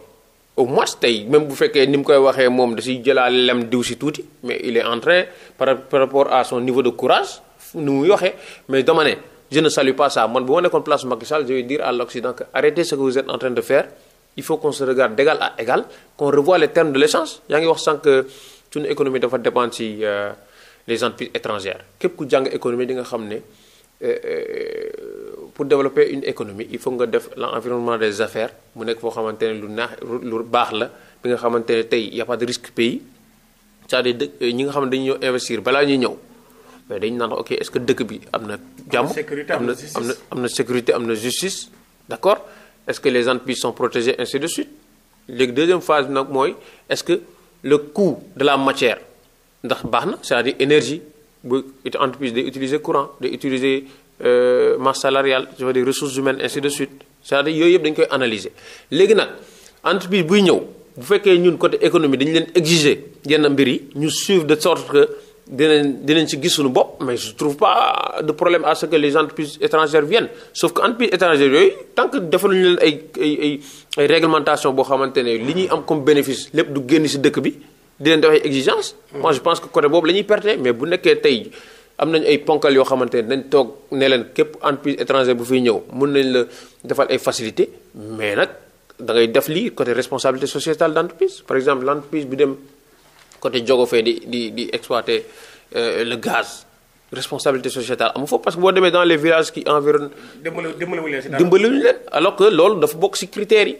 au moins tey même bu fekkee ni mu koy waxee moom da ciy jëlaale lem diw si tuuti mais il est en train par rapport à son niveau de courage ni muy waxee mais dama ne je ne salue pas ça man bu ma nekkoon place Macky de faire il faut qu'on se regarde d'égal à égal qu'on revoie les termes de l'échange yaa ngi wax sànq suñu économie dafa dépendre ci euh, les entreprises étrangères képp ku jàng économie di nga xam ne euh, euh, pour développer une économie il faut nga def l'environnement des affaires mu nekk foo xamante ne lu naax lu baax la bi nga xamante ne tey ya a pas de risque pays c'est-à-dire ñi nga xam ne dañuy ñëw investir balaa ñuy ñëw mais dañu naan ok est-ce que dëkk bi am na jàmm am na am na sécurité am na justice d'accord est-ce que les entreprises sont protégées ainsi de suite léegi deuxième phase bi nag mooy est-ce que le coût de la matière ndax baax na c'est-à-dire énergie bu entreprise day utiliser courant de utiliser euh, masse salariale je veux dire ressources humaines ainsi de suite c'est-à-dire yooyu yëpp dañu koy analyser léegi nag entreprise buy ñëw bu fekkee ñun côté économie dañu leen exiger yenn mbir yi ñu suivre de sorte dinañ dinañ ci gis bopp mais je trouve pas de problème à ce que les entreprises étrangères viennent sauf que entreprises étrangères yooyu tant defal defaluñu leen ay ay ay réglementation boo xamante ne li ñuy am comme bénéfice lépp du génn si dëkk bi di leen def ay exigence mm. moi je pense que côté boobu la ñuy perte mais bu nekkee tey am nañu ay ponkal yoo xamante ne dañ toog ne leen képp entreprise étrangère bu fiy ñëw mun nañ la defal ay facilité mais nag da ngay def lii côté responsabilité sociétale d' entreprise par exemple l' entreprise bi dem côté Diogo fee di di di exploiter euh, le gaz responsabilité sociétale amu foofu parce que boo demee dans les villages qui environnent. dimbali dimbaliwuñu leen si dara dimbaliwuñu leen alors que loolu dafa bokk ci critères yi.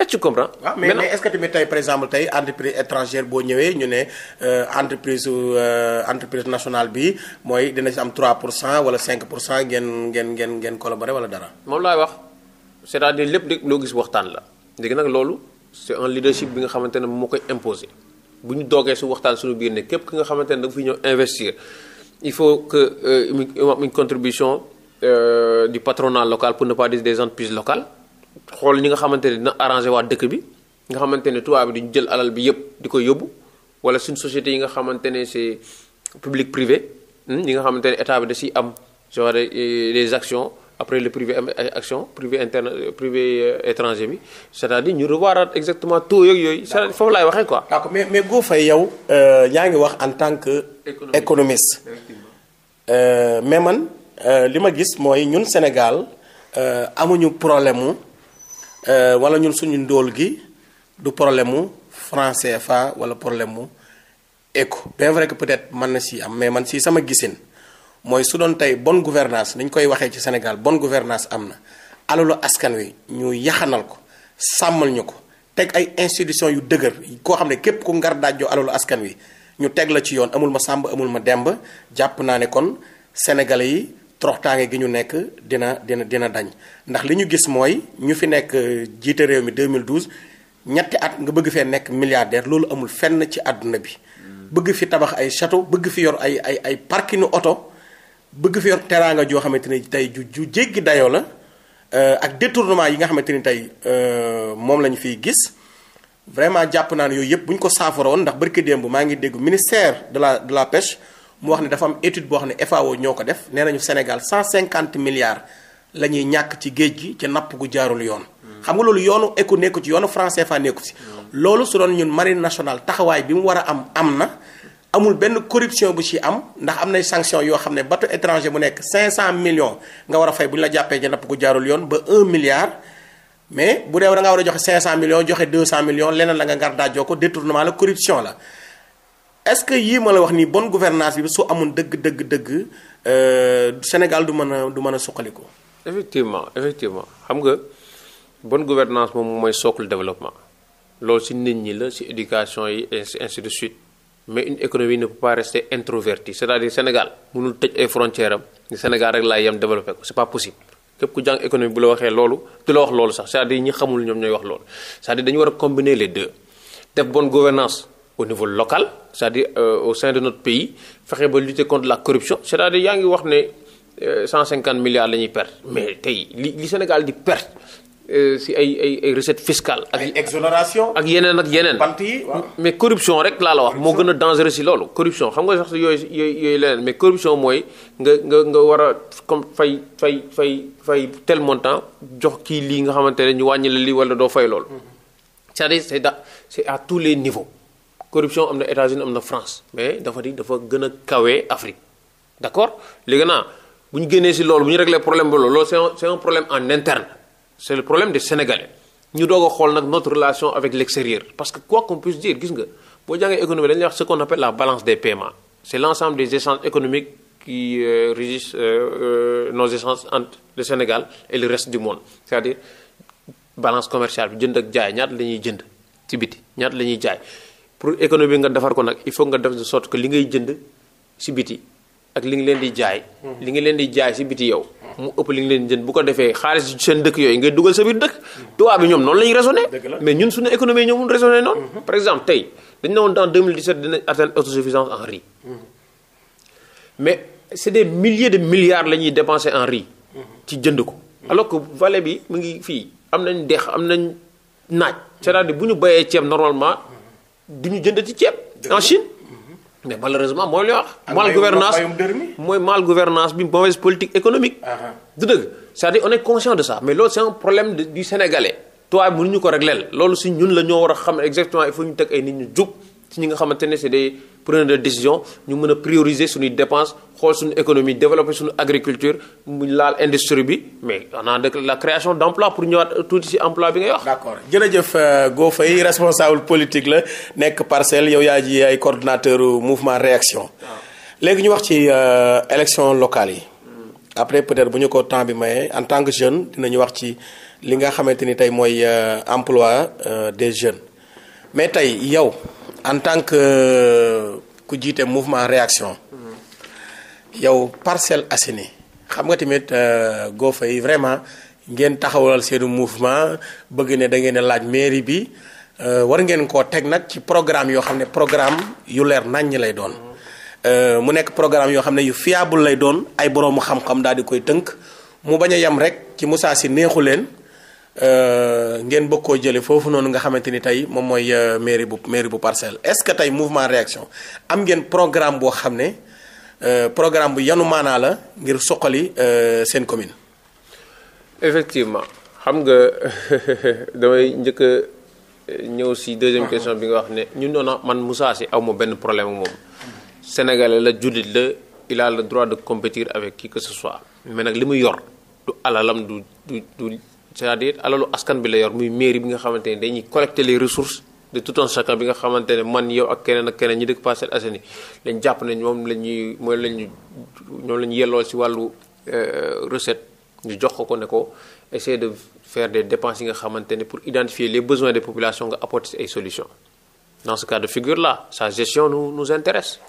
est tu comprends. waaw mais mais est ce tey par exemple tey entreprise étrangère boo ñëwee ñu ne euh, entreprise euh, entreprise nationale bi mooy dina ci am trois pour cent wala cinq pour cent ngeen ngeen ngeen ngeen collaborer wala dara. moom laay wax c' est à dire lépp loo gis waxtaan la. léegi nag loolu c' est un leadership bi nga xamante ne moo koy imposer. bu ñu doogee su waxtaan suñu biir ne képp ki nga xamante ne da nga fi ñëw investir il faut que euh, mu am une contribution euh, du patronat local pour ne pas dire des entreprises locales xool ñi nga xamante ne dina arrangé waa dëkk bi nga xamante ne tubaab bi duñu jël alal bi yëpp di ko yóbbu wala suñ société yi nga xamante ne c'est public privé hmm, ñi nga xamante ne état bi da ciy am genre euh, des actions après le privé am ay action privé interne privé euh, étranger bi c'est-à-dire ñu revoiraat exactement taux yeeg yooyu. sa à dire foofu laay waxee ko d'accord mais mais Go yaw yow. Euh, yaa ngi wax en tant que. économiste euh, mais man li ma gis mooy ñun Sénégal amuñu problème mu wala ñun suñu ndóol gi du problème mu franc CFA wala problème mu éco bien vrai que peut-être mën na si am mais man si sama gisin. mooy su doon tey bon gouvernance ni ñu koy waxee ci Sénégal bon gouvernance am na alalu askan wi ñu yaxanal ko sàmmal ñu ko teg ay institution yu dëgër koo xam ne képp ku ngar daajoo alalu askan wi ñu teg la ci yoon amul ma sàmb amul ma demb jàpp naa ne kon sénégalais yi troxtaange gi ñu nekk dina dina dina dañ ndax li ñu gis mooy ñu fi nekk euh, jiite réew mi 2012 ñetti at nga bëgg fee nekk milliardaire loolu amul fenn ci àdduna bi mm. bëgg fi tabax ay château bëgg fi yor ay ay ay parkinu oto bëgg fi yor teraanga joo xamante ni tey ju ju jéggi dayoo la euh, ak détournement yi nga xamante ni tey euh, moom lañu fiy gis vraiment jàpp naa ne yooyu yëpp bu ñu ko saafaroon ndax barki démb maa ngi dégg ministère de la de la pêche mu wax ne dafa am étude boo xam ne FAO ñoo ko def nee nañu Sénégal cinquante milliards la ñuy ñàkk ci géej gi ci napp gu jaarul yoon. xam nga loolu yoonu ekku nekku ci yoonu France CFA nekku ci. Mm. loolu su doon ñun marie nationale taxawaay bi mu war a am am na. amul benn corruption bu ci am ndax am nay sanction yoo xam ne bateau étranger bu nekk 500 millions nga war a fay bu ñu la jàppee ci napp gu jaarul yoon ba 1 milliard mais bu dee da nga war a joxe 500 millions joxe 200 millions leneen la nga ngar daajoo ko détournement la corruption la est-ce que yii ma la wax nii bonne gouvernance bi su amoon dëgg dëgg dëgg euh, Sénégal du mën a du mën a suqaliku. effectivement effectivement xam nga bon gouvernance moom mooy socle développement loolu ci nit ñi la ci éducation yi de suite. mais une économie ne peut pas rester introvertie c'est-à-dire Sénégal mënul tëj ay frontières ni Sénégal rek laay yem développé ko c'est pas possible képp ku jàng économie bu la waxee loolu du la wax loolu sax c'est-à-dire ñi xamul ñoom ñooy wax loolu c'est-à-dire dañu war a combiner les deux def bonne gouvernance au niveau local c'est-à-dire euh, au sein de notre pays fexe ba lutter contre la corruption c'est-à-dire yaa ngi wax ne euh, cent cinquante milliards la ñuy perte mais tey li li Sénégal di perte Euh, si ay ay ay recette fiscale ak ak yeneen ak yeneen. mais corruption rek laa la wax. moo gën a dangereux si loolu. corruption xam nga sax yooyu yooy yooyu leneen mais corruption mooy nga nga nga war a comme fay fay fay fay tel montant jox kii lii nga xamante ne ñu wàññi lii wala doo fay loolu. Mm-hmm. cest à c'est da c'est à tous les niveaux. corruption am na États-Unis am na France mais dafa di dafa gën a kawee Afrique d'accord léegi naa bu ñu génnee si loolu bu ñu réglé problème bi problème en interne. c'est le problème de Sénégalais ñu doo a xool nag notre relation avec l'extérieur parce que quoi qu'on puisse dire gis nga boo jàngee économie dañuy wax ce qu'on appelle la balance des paiements c'est l'ensemble des échanges économiques qui euh, régissent euh, euh, nos échanges entre le Sénégal et le reste du monde c'est-à-dire balance commerciale bi jënd ak jaay ñaat la ñuy jënd ci biti ñaata la ñuy jaay pour économie nga defar ko nag il faut nga def de sorte que li ngay jënd ci biti ak li nga leen di jaay. Mhm. li nga leen di jaay ci yow. mu ëpp li nga leen jënd bu ko defee xaalis seen dëkk yooyu ngay dugal sa biir dëkk tubaab bi ñoom noonu la ñuy raisonné mais ñun suñu économie ñoom mun raisonné noonu mm-hmm. par exemple tey dañu ne woon dans 2017 dina atteindre autosuffisance en riz mm-hmm. mais c'est des milliers de milliards la ñuy dépenser en riz mm-hmm. ci jënd ko alors que vallée bi mu ngi fii am nañ dex am nañ naaj cest à bu ñu bayee ceeb normalement du ñu jënd ci ceeb en Chine mais malheureusement mooy li wax. mal gouvernance mooy mal gouvernance bi mauvaise politique économique. Ah ah. du dëgg c'est-à-dire on est conscient de ça mais loolu c'est problème du sénégalais. toi mënuñu ko régler loolu si ñun la ñoo war a xam exactement il faut ñu teg ay nit ñu jub ci ñi nga xamante ne c'est des. preneur de décision ñu mën a prioriser suñuy dépense xool suñu économie développer suñu agriculture mu laal industrie bi mais on a la création d' emploi pour ñëwaat tuuti ci emploi bi ngay wax. d' accord jërëjëf euh, goo Faye responsable politique la nekk parcelle yow yaa ji ay coordonnateur mouvement réaction. Ah. léegi ñu wax ci euh, élection locale yi. Hmm. après peut-être bu ñu ko temps bi maye en tant que jeune dinañu wax ci li nga xamante ni tey mooy euh, emploi des jeunes mais tey yow. en tant que euh, ku jiite mouvement réaction yow parcelle Assainies xam nga tamit euh, Gofa yi vraiment ngeen taxawalal seenu mouvement bëgg ne da ngeen laaj mairie bi euh, war ngeen koo teg nag ci programme yoo xam ne programme yu leer naññ lay doon mu nekk programme yoo xam ne yu fiable lay doon ay boroomu xam-xam daal di koy tënk mu bañ a yem rek ci Moussa si neexu leen Euh, ngeen bokkoo koo jëlee foofu noonu nga xamante ni tey moom mooy euh, mairie bu mairie bu parcelle est-ce que tey mouvement réaction am ngeen programme boo xam ne euh, programme bu yanu maanaa la ngir soqali seen commune. effectivement xam nga damay njëkk a ñëw si deuxième question bi nga wax ne ñu noona ah, man Moussa Sy aw ma benn problème moom. Sénégalais la jullit la il a le de compétir avec qui que ce soit mais nag li mu yor du alalam du du. c'est-à-dire alalu askan bi la yor muy mairie bi nga xamante ne dañuy collecter les ressources de tout un chacun bi nga xamante ne man yow ak keneen ak keneen ñi dëkk Parcelles Assainies lañ jàpp ne moom la ñuy mooy la ñu ñoom la ñu yellool ci wàllu euh, recette ñu jox ko ko ne ko essayer de faire des dépenses yi nga xamante ne pour identifier les besoins des population nga apporter ay solutions dans ce cas de figure là sa gestion nous nous intéresse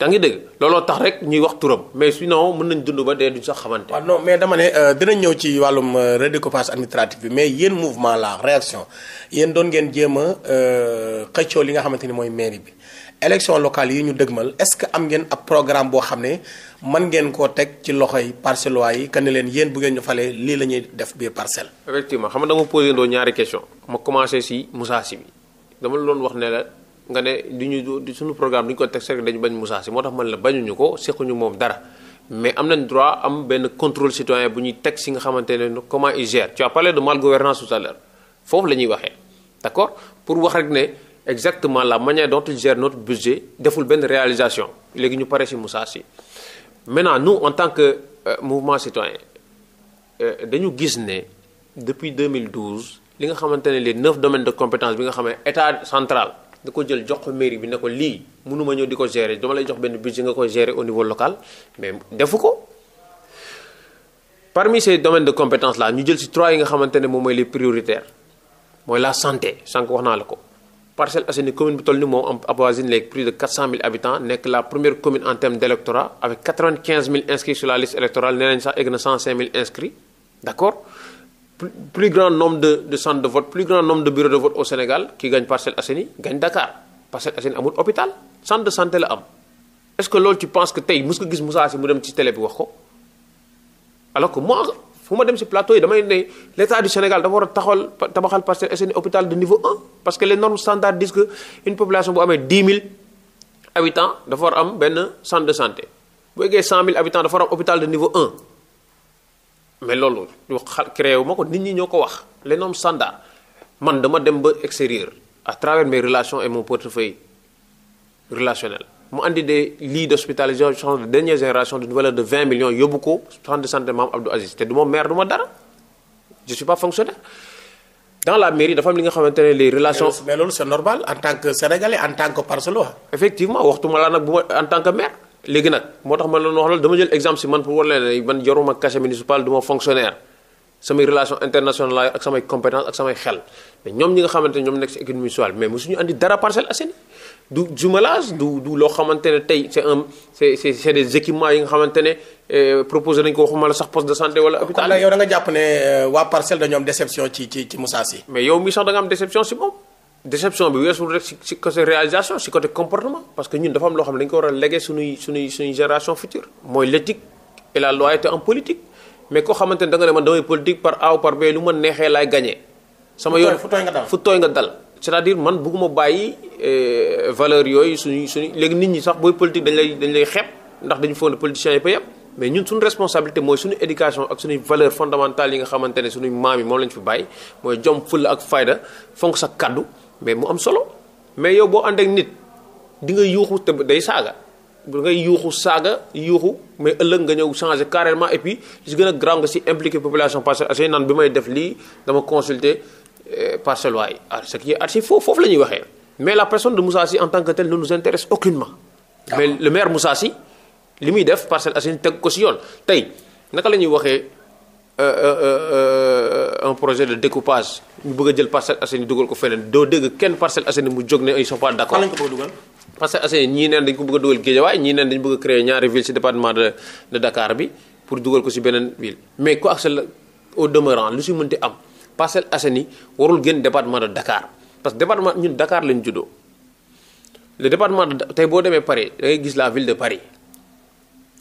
yaa ngi dégg looloo tax rek ñuy wax turam mais sinon mën nañ dund ba dee duñ sax xamante. waaw non mais dama ne euh, dinañ ñëw ci wàllum euh, redécoupage administratif bi mais yéen mouvement la réaction yéen doon ngeen jéem a euh, xëccoo li nga xamante ni mooy mairie bi. élection locale yi ñu dëgmal est-ce que am ngeen ab programme boo xam ne man ngeen koo teg ci loxoy parcellois yi kan ne leen yéen bu ngeen ñu falee lii la ñuy def biir parcelle. effectivement xam nga dama posé ndoo ñaari question ma commencé si Moussa Sy bi nga ne du ñu suñu programme du ñu ko teg rek dañu bañ Moussa Sy moo tax man la bañuñu ko sequñu moom dara mais am nañ droit am benn contrôle citoyen bu ñuy teg si nga xamante ne comment il gère tu as parlé de mal gouvernance tout à l'heure la ñuy waxee d'accord pour wax rek ne exactement la manière dont il gère notre deful benn réalisation léegi ñu pare si Moussa Sy maintenant nous en tant que euh, mouvement citoyen euh, dañu gis ne depuis 2012 li nga xamante ne les neuf domaines de compétence bi nga xam ne état central da ko jël jox ko mairie bi ne ko lii mënuma ñëw di ko gérer dama lay jox benn budget nga koy gérer au niveau local mais defu ko parmi ces domaines de compétence là ñu jël ci trois yi nga xamante ne mooy les prioritaires mooy la santé sànq wax naa la ko Parcelles Assainies commune bi toll ni moom am avoisine les plus de 400 000 habitants nekk la première commune en termes d'électorat avec 95 000 inscrits sur la liste électorale nee nañ plus grand nombre de de centres de vote plus grand nombre de bureaux de vote au Sénégal qui gagne Parcelles Assainies gagne Dakar Parcelles Assainies amul hôpital centre de santé la am est-ce que loolu tu penses que tey mës gis Moussa mu dem ci télé bi wax ko alors que moi fu ma dem ci plateau yi damay ne l'État du Sénégal dafa war a taxawal tabaxal Parcelles Assainies hôpital de niveau 1 parce que les normes standards disent une population bu amee 10 000 habitants benn centre de santé bu eggee mais loolu xal xa wu ma ko nit ñi ñoo ko wax les normes man dama dem ba extérieur à travers mes relations et mon portefeuille relationnel mu andi des lits d'hospitalisation de dernière génération d'une valeur de 20 millions yóbbu ko centre santé Mame Abdou Aziz te du ma maire du dara je suis pas fonctionnaire dans la mairie dafa am li nga xamante ne les relations. mais loolu c'est normal en tant que sénégalais en tant que Parcelois. effectivement waxtuma ma en tant que maire. léegi nag moo tax ma la wax loolu dama jël exemple si man pour war leen man jaruma cachet municipal du ma fonctionnaire samay relation internationale ak samay compétence ak samay xel mais ñoom ñi nga xamante ne ñoom nekk si économie sociale mais mosuñu andi dara Parcelles Assainies loo xamante ne tey c'est yi nga xamante ne euh, proposé nañu ko waxuma la sax poste de santé wala hôpital. kon yow da euh, ci ci ci mais yow mi sax da nga am déception si moom. déception bi weesul rek ci ci côté comportement parce que ñun dafa am loo xam ne dañu ko war suñuy suñuy suñuy mooy l'éthique et la loyauté en mais koo xamante ne da nga ne man damay politique par A ou par B lu neexee laay gagné. sama yoon fu tooy nga dal fu tooy man bëgguma bàyyi euh, valeur yooyu suñuy suñuy léegi nit ñi sax booy politique dañ lay dañ lay xeeb ndax dañu foog ne politiciens yi yëpp mais ñun suñu responsabilité mooy suñu éducation ak suñuy valeur fondamentale yi nga xamante ne suñuy maam yi moom lañu fi bàyyi mooy jom fulla ak fayda fonk sa kàddu mais mu am solo mais yow boo ànd ak nit di nga yuuxu te day saaga da ngay yuuxu saaga yuuxu mais ëllëg nga ñëw changer carrément et puis li si gën a grave nga si impliqué population Parcelles Assainies naan bi may def lii dama consulter eh, Parcelles waay ce qui foofu la ñuy waxee mais la personne de Moussa Sy en tant que telle ne nous intéresse aucunement mais ah. le maire Moussa li muy def Parcelles Assainies teg ko si yoon tey naka la ñuy waxee Euh, euh, euh, un projet de décopage ñu bëgg a jël Parcelles Assainies dugal ko feneen doo dégg kenn Parcelles Assainies mu jóg ne ils sont pas d'accord Parcelles Assainies ñii neen dañ bëgg a dugal Guédiawaye ñii neen dañu bëgg a créer ñaari ville ci département de Dakar bi pour dugal ko ci beneen ville mais ko accès la au demeurant lu ci mënti am Parcelles Assainies warul génn département de Dakar parce que département ñun Dakar lañ juddoo le département de tey boo demee Paris da gis la ville de Paris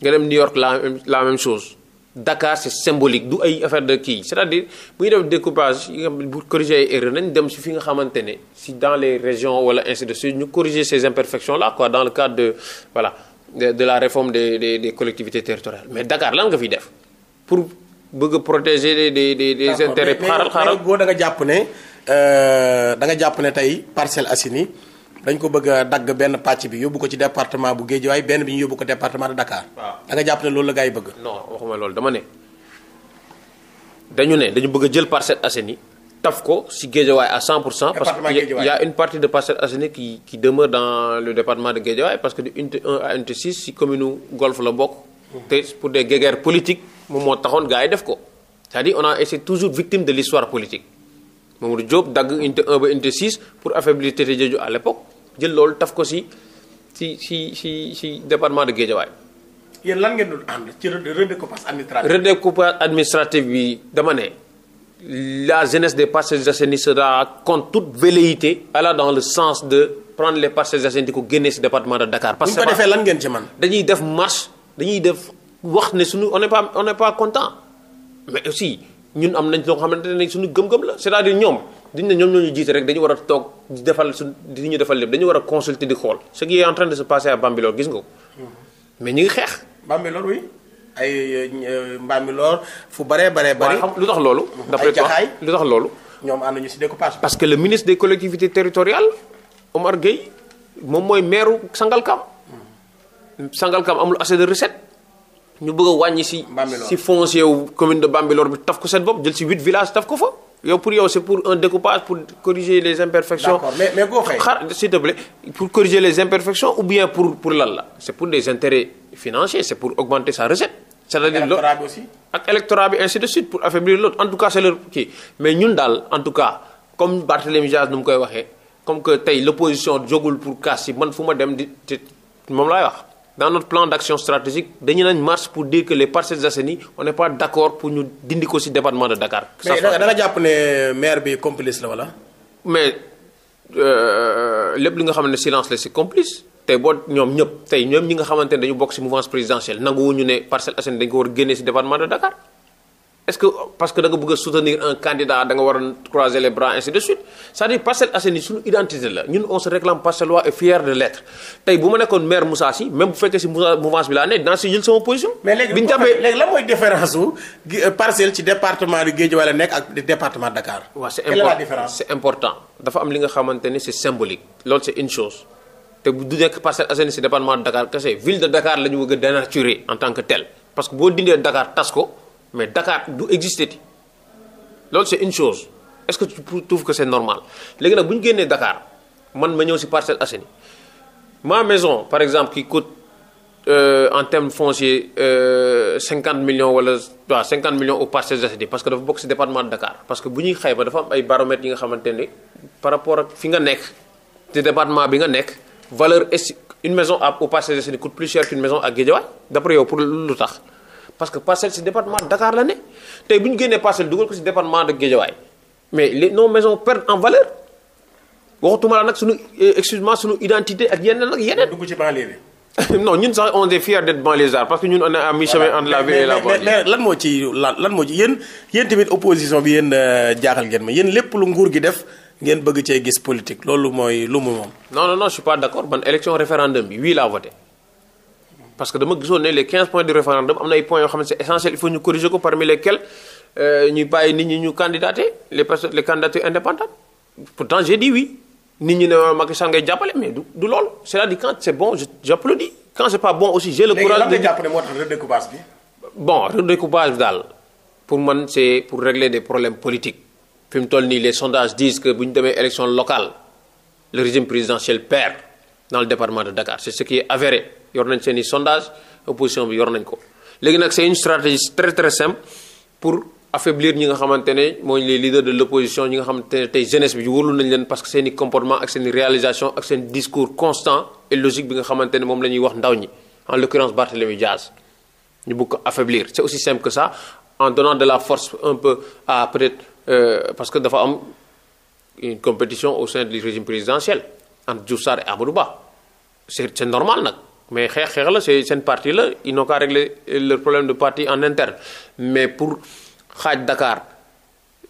nga dem New York la la même chose Dakar c'est symbolique du ay affaire de kii c'est-à-dire bu ñu def découpage yi bu corriger ay erreur nañ dem si fi nga xamante ne si dans les régions wala ainsi de suite ñu corriger ces imperfections là quoi dans le cadre de voilà de, de la réforme des des des collectivités territoriales mais Dakar lan nga fi def pour bëgg a protéger des des des intérêts xaaral xaaral boo da nga jàpp ne da nga jàpp ne tey Parcelles Assainies dañ ko bëgg dagg benn pàcc bi yóbbu ko ci département bu Guédiawaye benn bi ñu yóbbu ko département de Dakar. waaw da loolu la gars yi bëgg. non waxuma loolu dama ne dañu ne dañu bëgg a jël Parcelles Assainies taf ko si Guédiawaye à 100 pour cent. parce que y une partie de Parcelles Assainies qui qui demeure dans le département de Guédiawaye parce que de unité 1 à si commune Golf la bokk. te pour des guéguerres politiques moom moo taxoon gars yi def ko c'est-à-dire on a été Mamadou Diop dagg unité 1 ba unité 6 pour affaiblir Tete Diédhiou à l'époque jël loolu taf ko si ci ci si si département de Guédiawaye. yéen lan ngeen doon ànd ci redécoupage administratif. redécoupage administratif bi dama ne la jeunesse des Parcelles Assainies sera contre toute velléité allant dans le sens de prendre les Parcelles Assainies di ko génne si département de Dakar. parce que bu lan ngeen ci man dañuy def marche dañuy def wax ne suñu on n'est pas on n'est pas content mais aussi. ñun am nañ loo xamante ne suñu gëm-gëm la c'est-à-dire ñoom duñ ne ñoom ñoo ñu jiite rek dañu war a toog di defal su di ñu defal lépp dañu war a consulter di xool ce qui est en ko. Mm-hmm. mais ñu ngi xeex. Bambilor oui ay euh, euh, Bambilor fu baree baree. bari xam lu tax loolu. Mm-hmm. ay jaxaay lu tax loolu. ñoom ànd ñu si découpage. parce que le ministre des collectivités territoriales Omar Gueye moom mooy maire Sangalkam. Mm-hmm. Sangalkam amul assez de recette. ñu bëgg a wàññi si. si foncier wu commune de Bambilor bi taf ko seen bopp jël si huit villages taf ko fa. yow pour yow c'est pour un découpage pour corriger les imperfections. d'accord mais mais Go te plaît pour corriger les imperfections ou bien pour pour lan la c'est pour des intérêts financiers c'est pour augmenter sa recette. c'est-à-dire loolu ak électorat bi ainsi suite pour affaiblir l'autre en tout cas c'est leur kii mais ñun daal en tout cas comme Barthélémy Dias nu mu koy wax. dans notre plan d'action stratégique dañu nañ marche pour dire que les Parcelles Assainies on n'est pas d'accord pour ñu dindi ko ci département de Dakar. mais da nga jàpp ne maire bi complice la walla. mais euh, lépp li nga xam ne silence la ci complice. tey boo ñoom ñëpp tey ñoom ñi nga xamante ne dañu bokk ci mouvance présidentielle nanguwuñu ne Parcelles Assainies dañu ko war a génne ci département de Dakar. est-ce que parce que da nga bëgg a soutenir un candidat da war a croiser les bras ainsi de suite cest dire Parcelles Assainies suñu identité la ñun on se réclame parcellois et fier de l'être tey bu ma nekkoon maire Moussa Sy bu fekkee si mouvance bi laa ne dinaa si sama position. bi ñu la mooy différence su euh, parcelle ci département de Guédiawaye la nekk ak département Dakar. waaw c'est important dafa am li nga xamante ni c'est symbolique loolu c'est a dénaturer en tant que tel parce que boo dindee Dakar mais dakaar du existé ti loolu c'est une chose est-ce que tu trouves que c'est normal léegi nag bu ñu génnee dakaar man ma ñëw ci Parcelles Assainies ma maison par exemple qui coûte euh, en termes fonciers euh, 50 millions wala waaw 50 millions aux Parcelles Assainies parce que dafa bokk ci département de Dakar parce que bu ñuy xayma dafa ay baromètres yi nga xamante ne par rapport fi nga nekk te département bi nga nekk valeur est une maison à aux Parcelles Assainies lu tax. parce que parcelle ci département Dakar la ne tey bu ñu génnee parcelle dugal ko ci département de Guédiawaye mais les nos maisons perdent en valeur waxatuma la nag suñu euh, excuse-moi suñu identité ak yeneen ak yeneen. dugg ci banlieue bi. non ñun sax on est fiers d'être banlieusards parce que ñun on est à mi-chemin la ville et la lan moo ci lan lan moo ci yéen tamit opposition bi yéen euh, jaaxal ngeen ma yéen lépp lu nguur gi def ngeen bëgg cee gis politique loolu mooy l mu moom. non non non je suis parce que dama gisoon ne les 15 points du référendum am na ay points yoo xam ne c'est essentiel il faut ñu corriger ko parmi lesquels euh, ñuy bàyyi nit ñi ñu candidater les personnes les candidatures indépendantes pourtant j'ai dit oui nit ñi ne ma Macky Sall ngay jàppale mais du du loolu c'est-à-dire quand c'est bon j'applaudis quand c'est pas bon aussi j'ai le courage de jàpp ne moo tax redécoupage bi bon redécoupage bi daal pour man c'est pour régler des problèmes politiques fi mu toll nii les sondages disent que bu ñu demee élection locale le régime présidentiel perd dans le département yor nañ seen i sondage opposition bi yor nañ ko léegi nag c'est une stratégie très très simple pour affaiblir ñi nga xamante ne mooy les leaders de l'opposition ñi nga xamante ne tey jeunesse bi wóolu nañ leen parce que seen i comportement ak seen i réalisation ak seen discours constant et logique bi nga xamante ne moom la ñuy wax ndaw ñi en l'occurrence Barthélémy Diaz ñu bëgg ko affaiblir c'est aussi simple que ça en donnant de la force un peu à peut êtr euh, parce dafa am une compétition au sein du régime présidentiel entre Diouf Sarr et Amadou Ba c'est c'est normal nag mais xeex xeex la seen parti la ils n'ont qu'à régler leur problème de parti en interne mais pour xaaj Dakar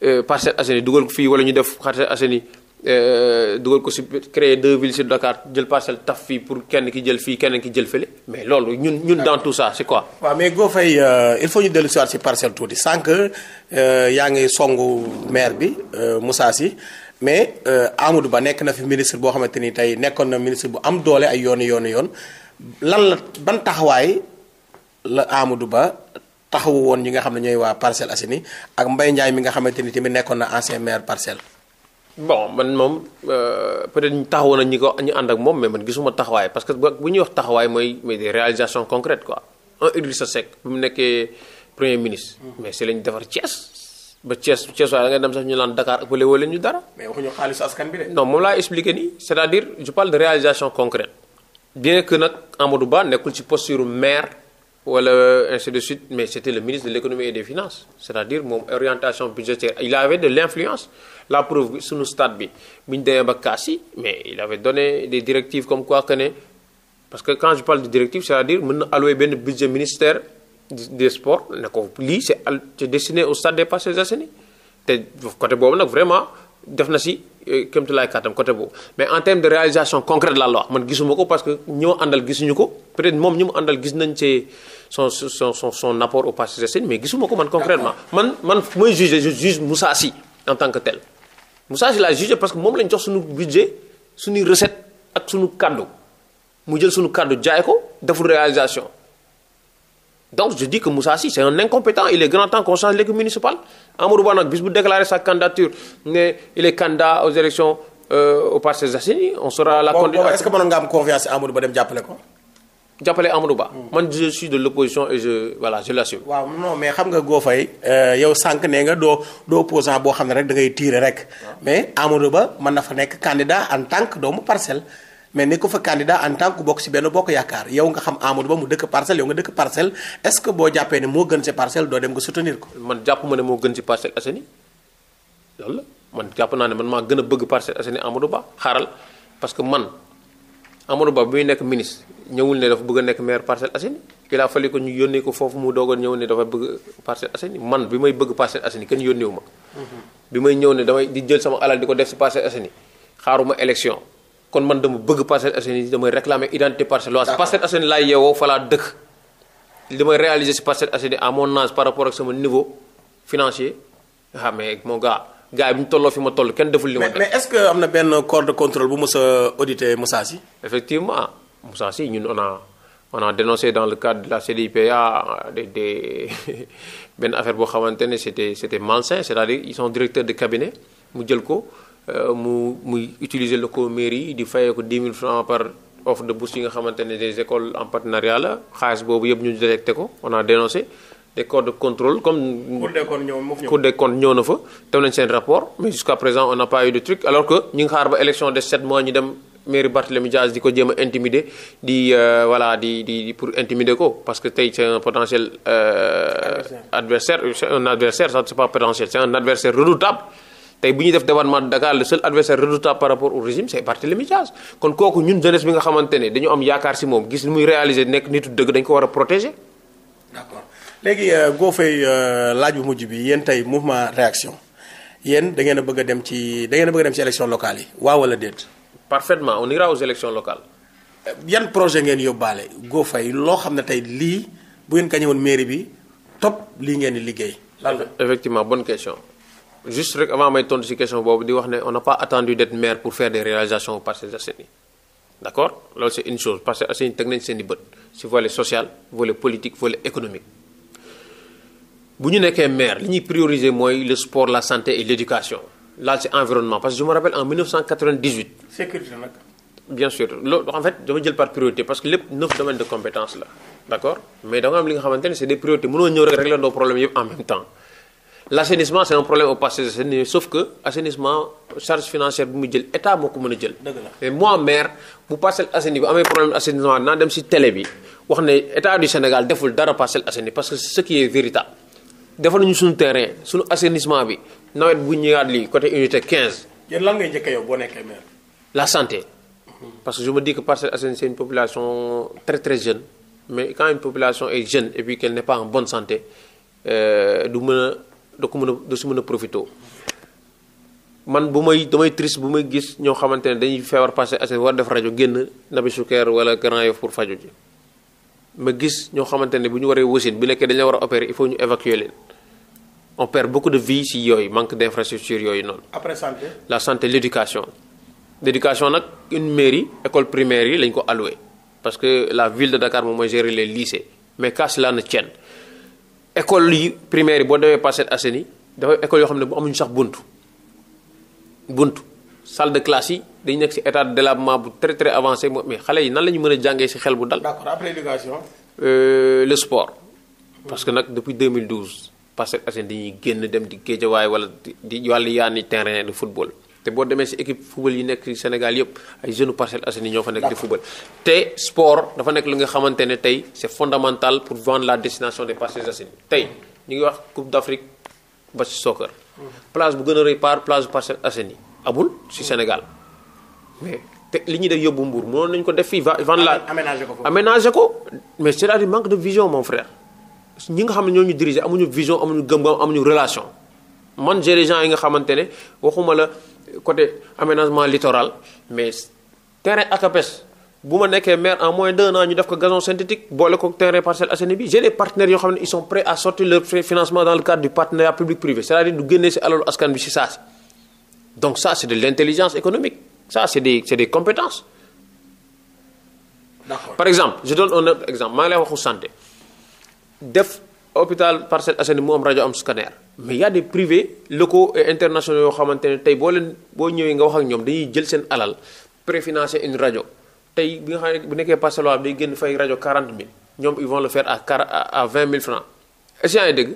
euh, Parcelles Assainies dugal ko fii wala ñu def Parcelles Assainies euh, dugal ko si créer deux villes sur jël parcelle taf fii pour kenn ki jël fii kenn ki jël fële mais loolu ñun ñun dans tout ça c'est quoi. waaw mais Go Faye euh, il faut ñu dellu si si parcelle tuuti sànq yaa ngi songu maire bi Moussa Sy mais Amadou Ba nekk na fi ministre boo xamante ni tey nekkoon na ministre bu am doole ay yoonu yoonu yoon. lan la ban taxawaay la Amadou Ba taxawu woon ñi nga xam ne ñooy waa Parcelles Assainies ak Mbaye Ndiaye mi nga xamante ni tamit nekkoon na ancien maire parcelle. bon man moom euh, peut-être taxawoon na ñi ko ñu ànd ak moom mais man gisuma taxawaay parce que bu ñuy wax taxawaay mooy mooy des réalisations concrètes quoi un Idrissa Seck bu mu nekkee premier ministre. Mm-hmm. mais si lañ defar Thiès. ba Thiès Thiès waaye da ngay dem sax ñu naan Dakar ëppale wala ñu dara. mais waxuñu bi de. non moom bien que nag Amadou Ba nekkul ci posture maire wala ainsi de suite mais c'était le ministre de l'économie et des finances c'est-à-dire moom orientation budgétaire il avait de l'influence la preuve bi suñu stade bi bu ñu demee ba kaas yi mais il avait donné des directives comme quoi que ne parce que quand je parle de directive c'est-à-dire mën na allouer benn budget ministère des sports ne ko lii c'est c'est destiné au stade des Parcelles Assainies te côté boobu nag vraiment def na si euh, kéemtulaay kàttam côté boobu mais en terme de réalisation concrète laa la wax man gisuma ko parce que ñi àndal gisuñu ko peut-être moom ñi àndal gis nañ ci son son son son apport au Parcelles Assainies mais gisuma ko man concrètement man man mooy juge je juge Moussa Sy en tant que tel Moussa Sy laa juge parce que moom lañ jox suñu budget suñuy recette ak suñu kàddu mu jël suñu kàddu jaay ko deful réalisation donc je dis que Moussa Sy c'est un incompétent il est grand temps qu'on change l'équipe municipale Amadou Ba nag bis bu déclarer sa candidature ne il est candidat aux élections euh, aux Parcelles Assainies on sera la condition est am confiance Amadou Ba dem jàppale ko jàppale Amadou hmm. man je suis de l'opposition et je waaw non mais xam nga Go Faye euh, yow sànq nee nga doo doo opposant boo xam ne rek da ngay tiire rek mais Amadou Ba mën na fa nekk candidat en tant que doomu parcelle mais ni ko fa candidat en tant que bokk ci benn bokk yaakaar yow nga xam Amadou Ba mu dëkk parcelle yow nga dëkk parcelle est ce que boo jàppee ne moo gën ci parcelle doo dem nga soutenir ko. man jàpp ma ne moo gën ci Parcelles Assainies loolu la naa ne man maa gën a bëgg Parcelles que man Amadou Ba buy nekk ministre ñëwul ne dafa bëgg a nekk maire Parcelles Assainies il a fallu ko ñu yónnee ko foofu mu doogoon ñëw ne dafa bëgg Parcelles Assainies man bi may bëgg Parcelles Assainies kenn yónneewu ma. Mhm. bi may ñëw ne damay di jël sama alal di ko def ci Parcelles Assainies xaaruma élection kon man dama bëgg Parcelles Assainies damay réclamer identité parcelloise. d'accord Parcelles Assainies laay yeewoo fa laa dëkk. li may réaliser si Parcelles Assainies à mon âge par rapport ak sama niveau financier ah mais mon gars gars yi bu ñu tolloo fi ma toll kenn deful li ma def. est-ce que am na benn corps de contrôle bu mos a auditer Moussa Sy. effectivement Moussa Sy ñun on a on a dénoncé dans le cadre de la CDIPA des des benn affaire boo xamante ne c'était c'était malsain c'est-à-dire ils sont directeurs mu jël ko. Euh, mu muy utiliser le ko mairie di fayee ko 10 mille francs par offre de bourse yi nga xamante ne des écoles en partenariat la xaalis boobu yëpp ñu détecté ko on a dénoncé des corps de contrôle comme. cour des comptes ñëw cour ñëw na fa. dem nañ seen rapport mais jusqu'à présent on n'a pas eu de truc alors que ñu ngi xaar ba élection de 7 mois ñu dem mairie Barthélémy Dias di ko jéem a di euh, voilà di di pour intimider ko parce que tey c'est un potentiel. Euh, adversaire adversaire c'est un adversaire tey bu ñuy def département de Dakar le seul adversaire redoutable par rapport au régime c'est Barthélémy Dias kon kooku ñun jeunesse bi nga xamante ne dañu am yaakaar ci moom gis lu muy réaliser nekk nitu dëgg dañ ko war a protéger. d'accord léegi euh, goo fay euh, laaj bu mujj bi yéen tey mouvement réaction yéen da ngeen a bëgg a dem ci dangeen ngeen a bëgg a dem ci élection locale yi waaw wala déet. parfaitement on ira aux élections locales. Euh, yan projet ngeen yóbbaale goo fay loo xam ne tey lii bu ngeen gañewoon mairie bi topp lii ngeen di liggéey. lan la effectivement question. juste rek avant may tontu ci question boobu di wax ne on n'a pas attendu d'être maire pour faire des réalisations Parcelles Assainies d'accord loolu c'est une chose Parcelles Assainies teg nañ seen bët ci volet social volet politique volet économique bu ñu nekkee maire li ñuy prioriser mooy le sport la santé et l'éducation laal ci environnement parce que je me rappelle en 1998. sécurité nag. bien sûr loolu en fait dama jël par priorité parce que lépp neuf domaines de l' assainissement c' est un problème au passé sauf que assainissement mu jël état a jël. mais moi maire bu Parcelles Assainies bi amee problème assainissement si télé bi wax ne état du Sénégal deful dara Parcelles Assainies parce que ce qui est véritable suñu terrain suñu assainissement bi nawet bu ñëwaat lii côté unité 15. yéen ngay njëkkee yow boo nekkee maire. la santé parce que je me parce que Parcelles Assainies c' est une population très très jeune mais quand une population est jeune et puis qu' elle n' est pas en bonne santé euh, du mën a. da ko mën a da si mën a profité man bu may damay triste bu may gis ñoo xamante ne dañuy feebar passé assez war def rajo génn Nabi Choucair wala Grand Yoff pour fajo ji ma gis ñoo xamante ne bu ñu waree wasin bi nekkee dañ la war a opérer il faut ñu évacuer leen on perd beaucoup de vie si yooyu manque d'infrastructure yooyu noonu. après santé. la santé l'éducation l'éducation nag une yi école primaire yi lañ ko alloué parce que la ville de Dakar moom mooy gérer les lycées mais qu'à cela ne école yi primaire yi boo demee Parcelles Assainies dafa école yoo xam ne bu amuñu sax buntu bunt salle de classe yi dañu nekk ci état de bu très très avancé moom mais xale yi nan la ñu mën a jàngee ci xel bu dal. d'accord après l'éducation. Euh, le sport. parce que nag depuis 2012 Parcelles Assainies dañuy génn dem di géejawaay wala di wàllu yaani terrain de football. te boo demee si équipe football yi nekk Sénégal yëpp ay jeunes Parcelles Assainies ñoo fa nekk di football. te sport dafa nekk li nga xamante ne tey c' est fondamental pour vendre la destination des Parcelles Assainies tey ñu ngi wax Coupe d' Afrique ba si soccer. place bu gën a rëy par place Parcelles Assainies amul si Sénégal mais. te li ñu def yóbbu Mbour mënoon nañ ko def fi vente la aménager ko aménager ko mais c' est à dire manque de vision mon frère ñi nga xam ne ñoo ñu diriger amuñu vision amuñu gëm-gëm amuñu relation man j'ai yi nga xamante ne waxuma la. côté aménagement littoral mais terrain ACAPES bu ma nekkee maire en moins d'un an ñu def ko gazon synthétique boole ko terrain Parcelles Assainies bi j'ai des partenaires yoo xam ne ils sont prêts à sortir leur financement dans le cadre du partenariat public privé c'est-à-dire du génnee ci alalu askan bi ci saa si donc ça c'est de l'intelligence économique ça c'est des c'est des compétences par exemple je donne un autre exemple maa lay waxu santé def hôpital Parcelles Assainies mu rajo am scanner mais y a des privés locaux et internationaux yoo xamante ne tey boo leen boo ñëwee nga wax ak ñoom dañuy jël seen alal préfinancer une rajo tey bi nga xam ne bu nekkee Pasteloa day génn fay rajo 40 000 ñoom ils vont le faire à 40 à 20 000 francs est-ce que dégg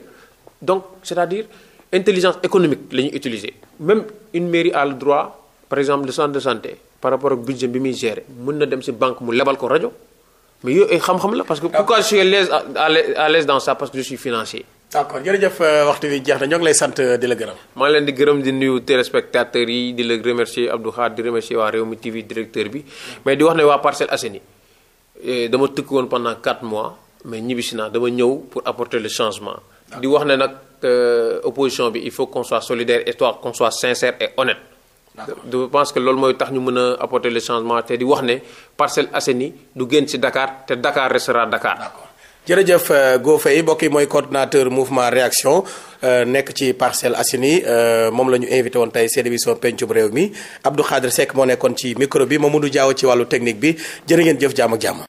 donc c'est-à-dire intelligence économique la ñuy utiliser même une mairie à le droit par exemple le centre de santé par rapport ak budget bi muy gérer mën na dem ci banque mu lebal ko rajo mais yooyu ay xam la parce que pourquoi je suis à d'accord jërëjëf euh, waxtu wi jeex na ñoo ngi lay sant euh, di la gërëm. maa leen di gërëm di nuyu téléspectateurs yi di la remercier Abdou Khadre di remercier waa Rewmi TV directeur bi mais di wax ne waa Parcelles Assainies eh, dama tëkk woon pendant 4 mois mais ñibbisi naa dama ñëw pour apporter le changement. di wax ne nag euh, opposition bi il faut qu'on soit solidaire et toi qu'on soit sincère et honnête. je pense que loolu mooy tax ñu mën a apporter le changement te di wax ne Parcelles Assainies du génn ci Dakar te Dakar restera Dakar. jërëjëf euh, Go Faye mbokk yi mooy coordinateur mouvement réaction euh, nekk ci Parcelles Assainies euh, moom la ñu invité woon tey seen émission réew mi Abdou Khadre Seck moo nekkoon ci micro bi Mamadou Diaw ci wàllu technique bi jërë ngeen jëf jàmm ak jàmm.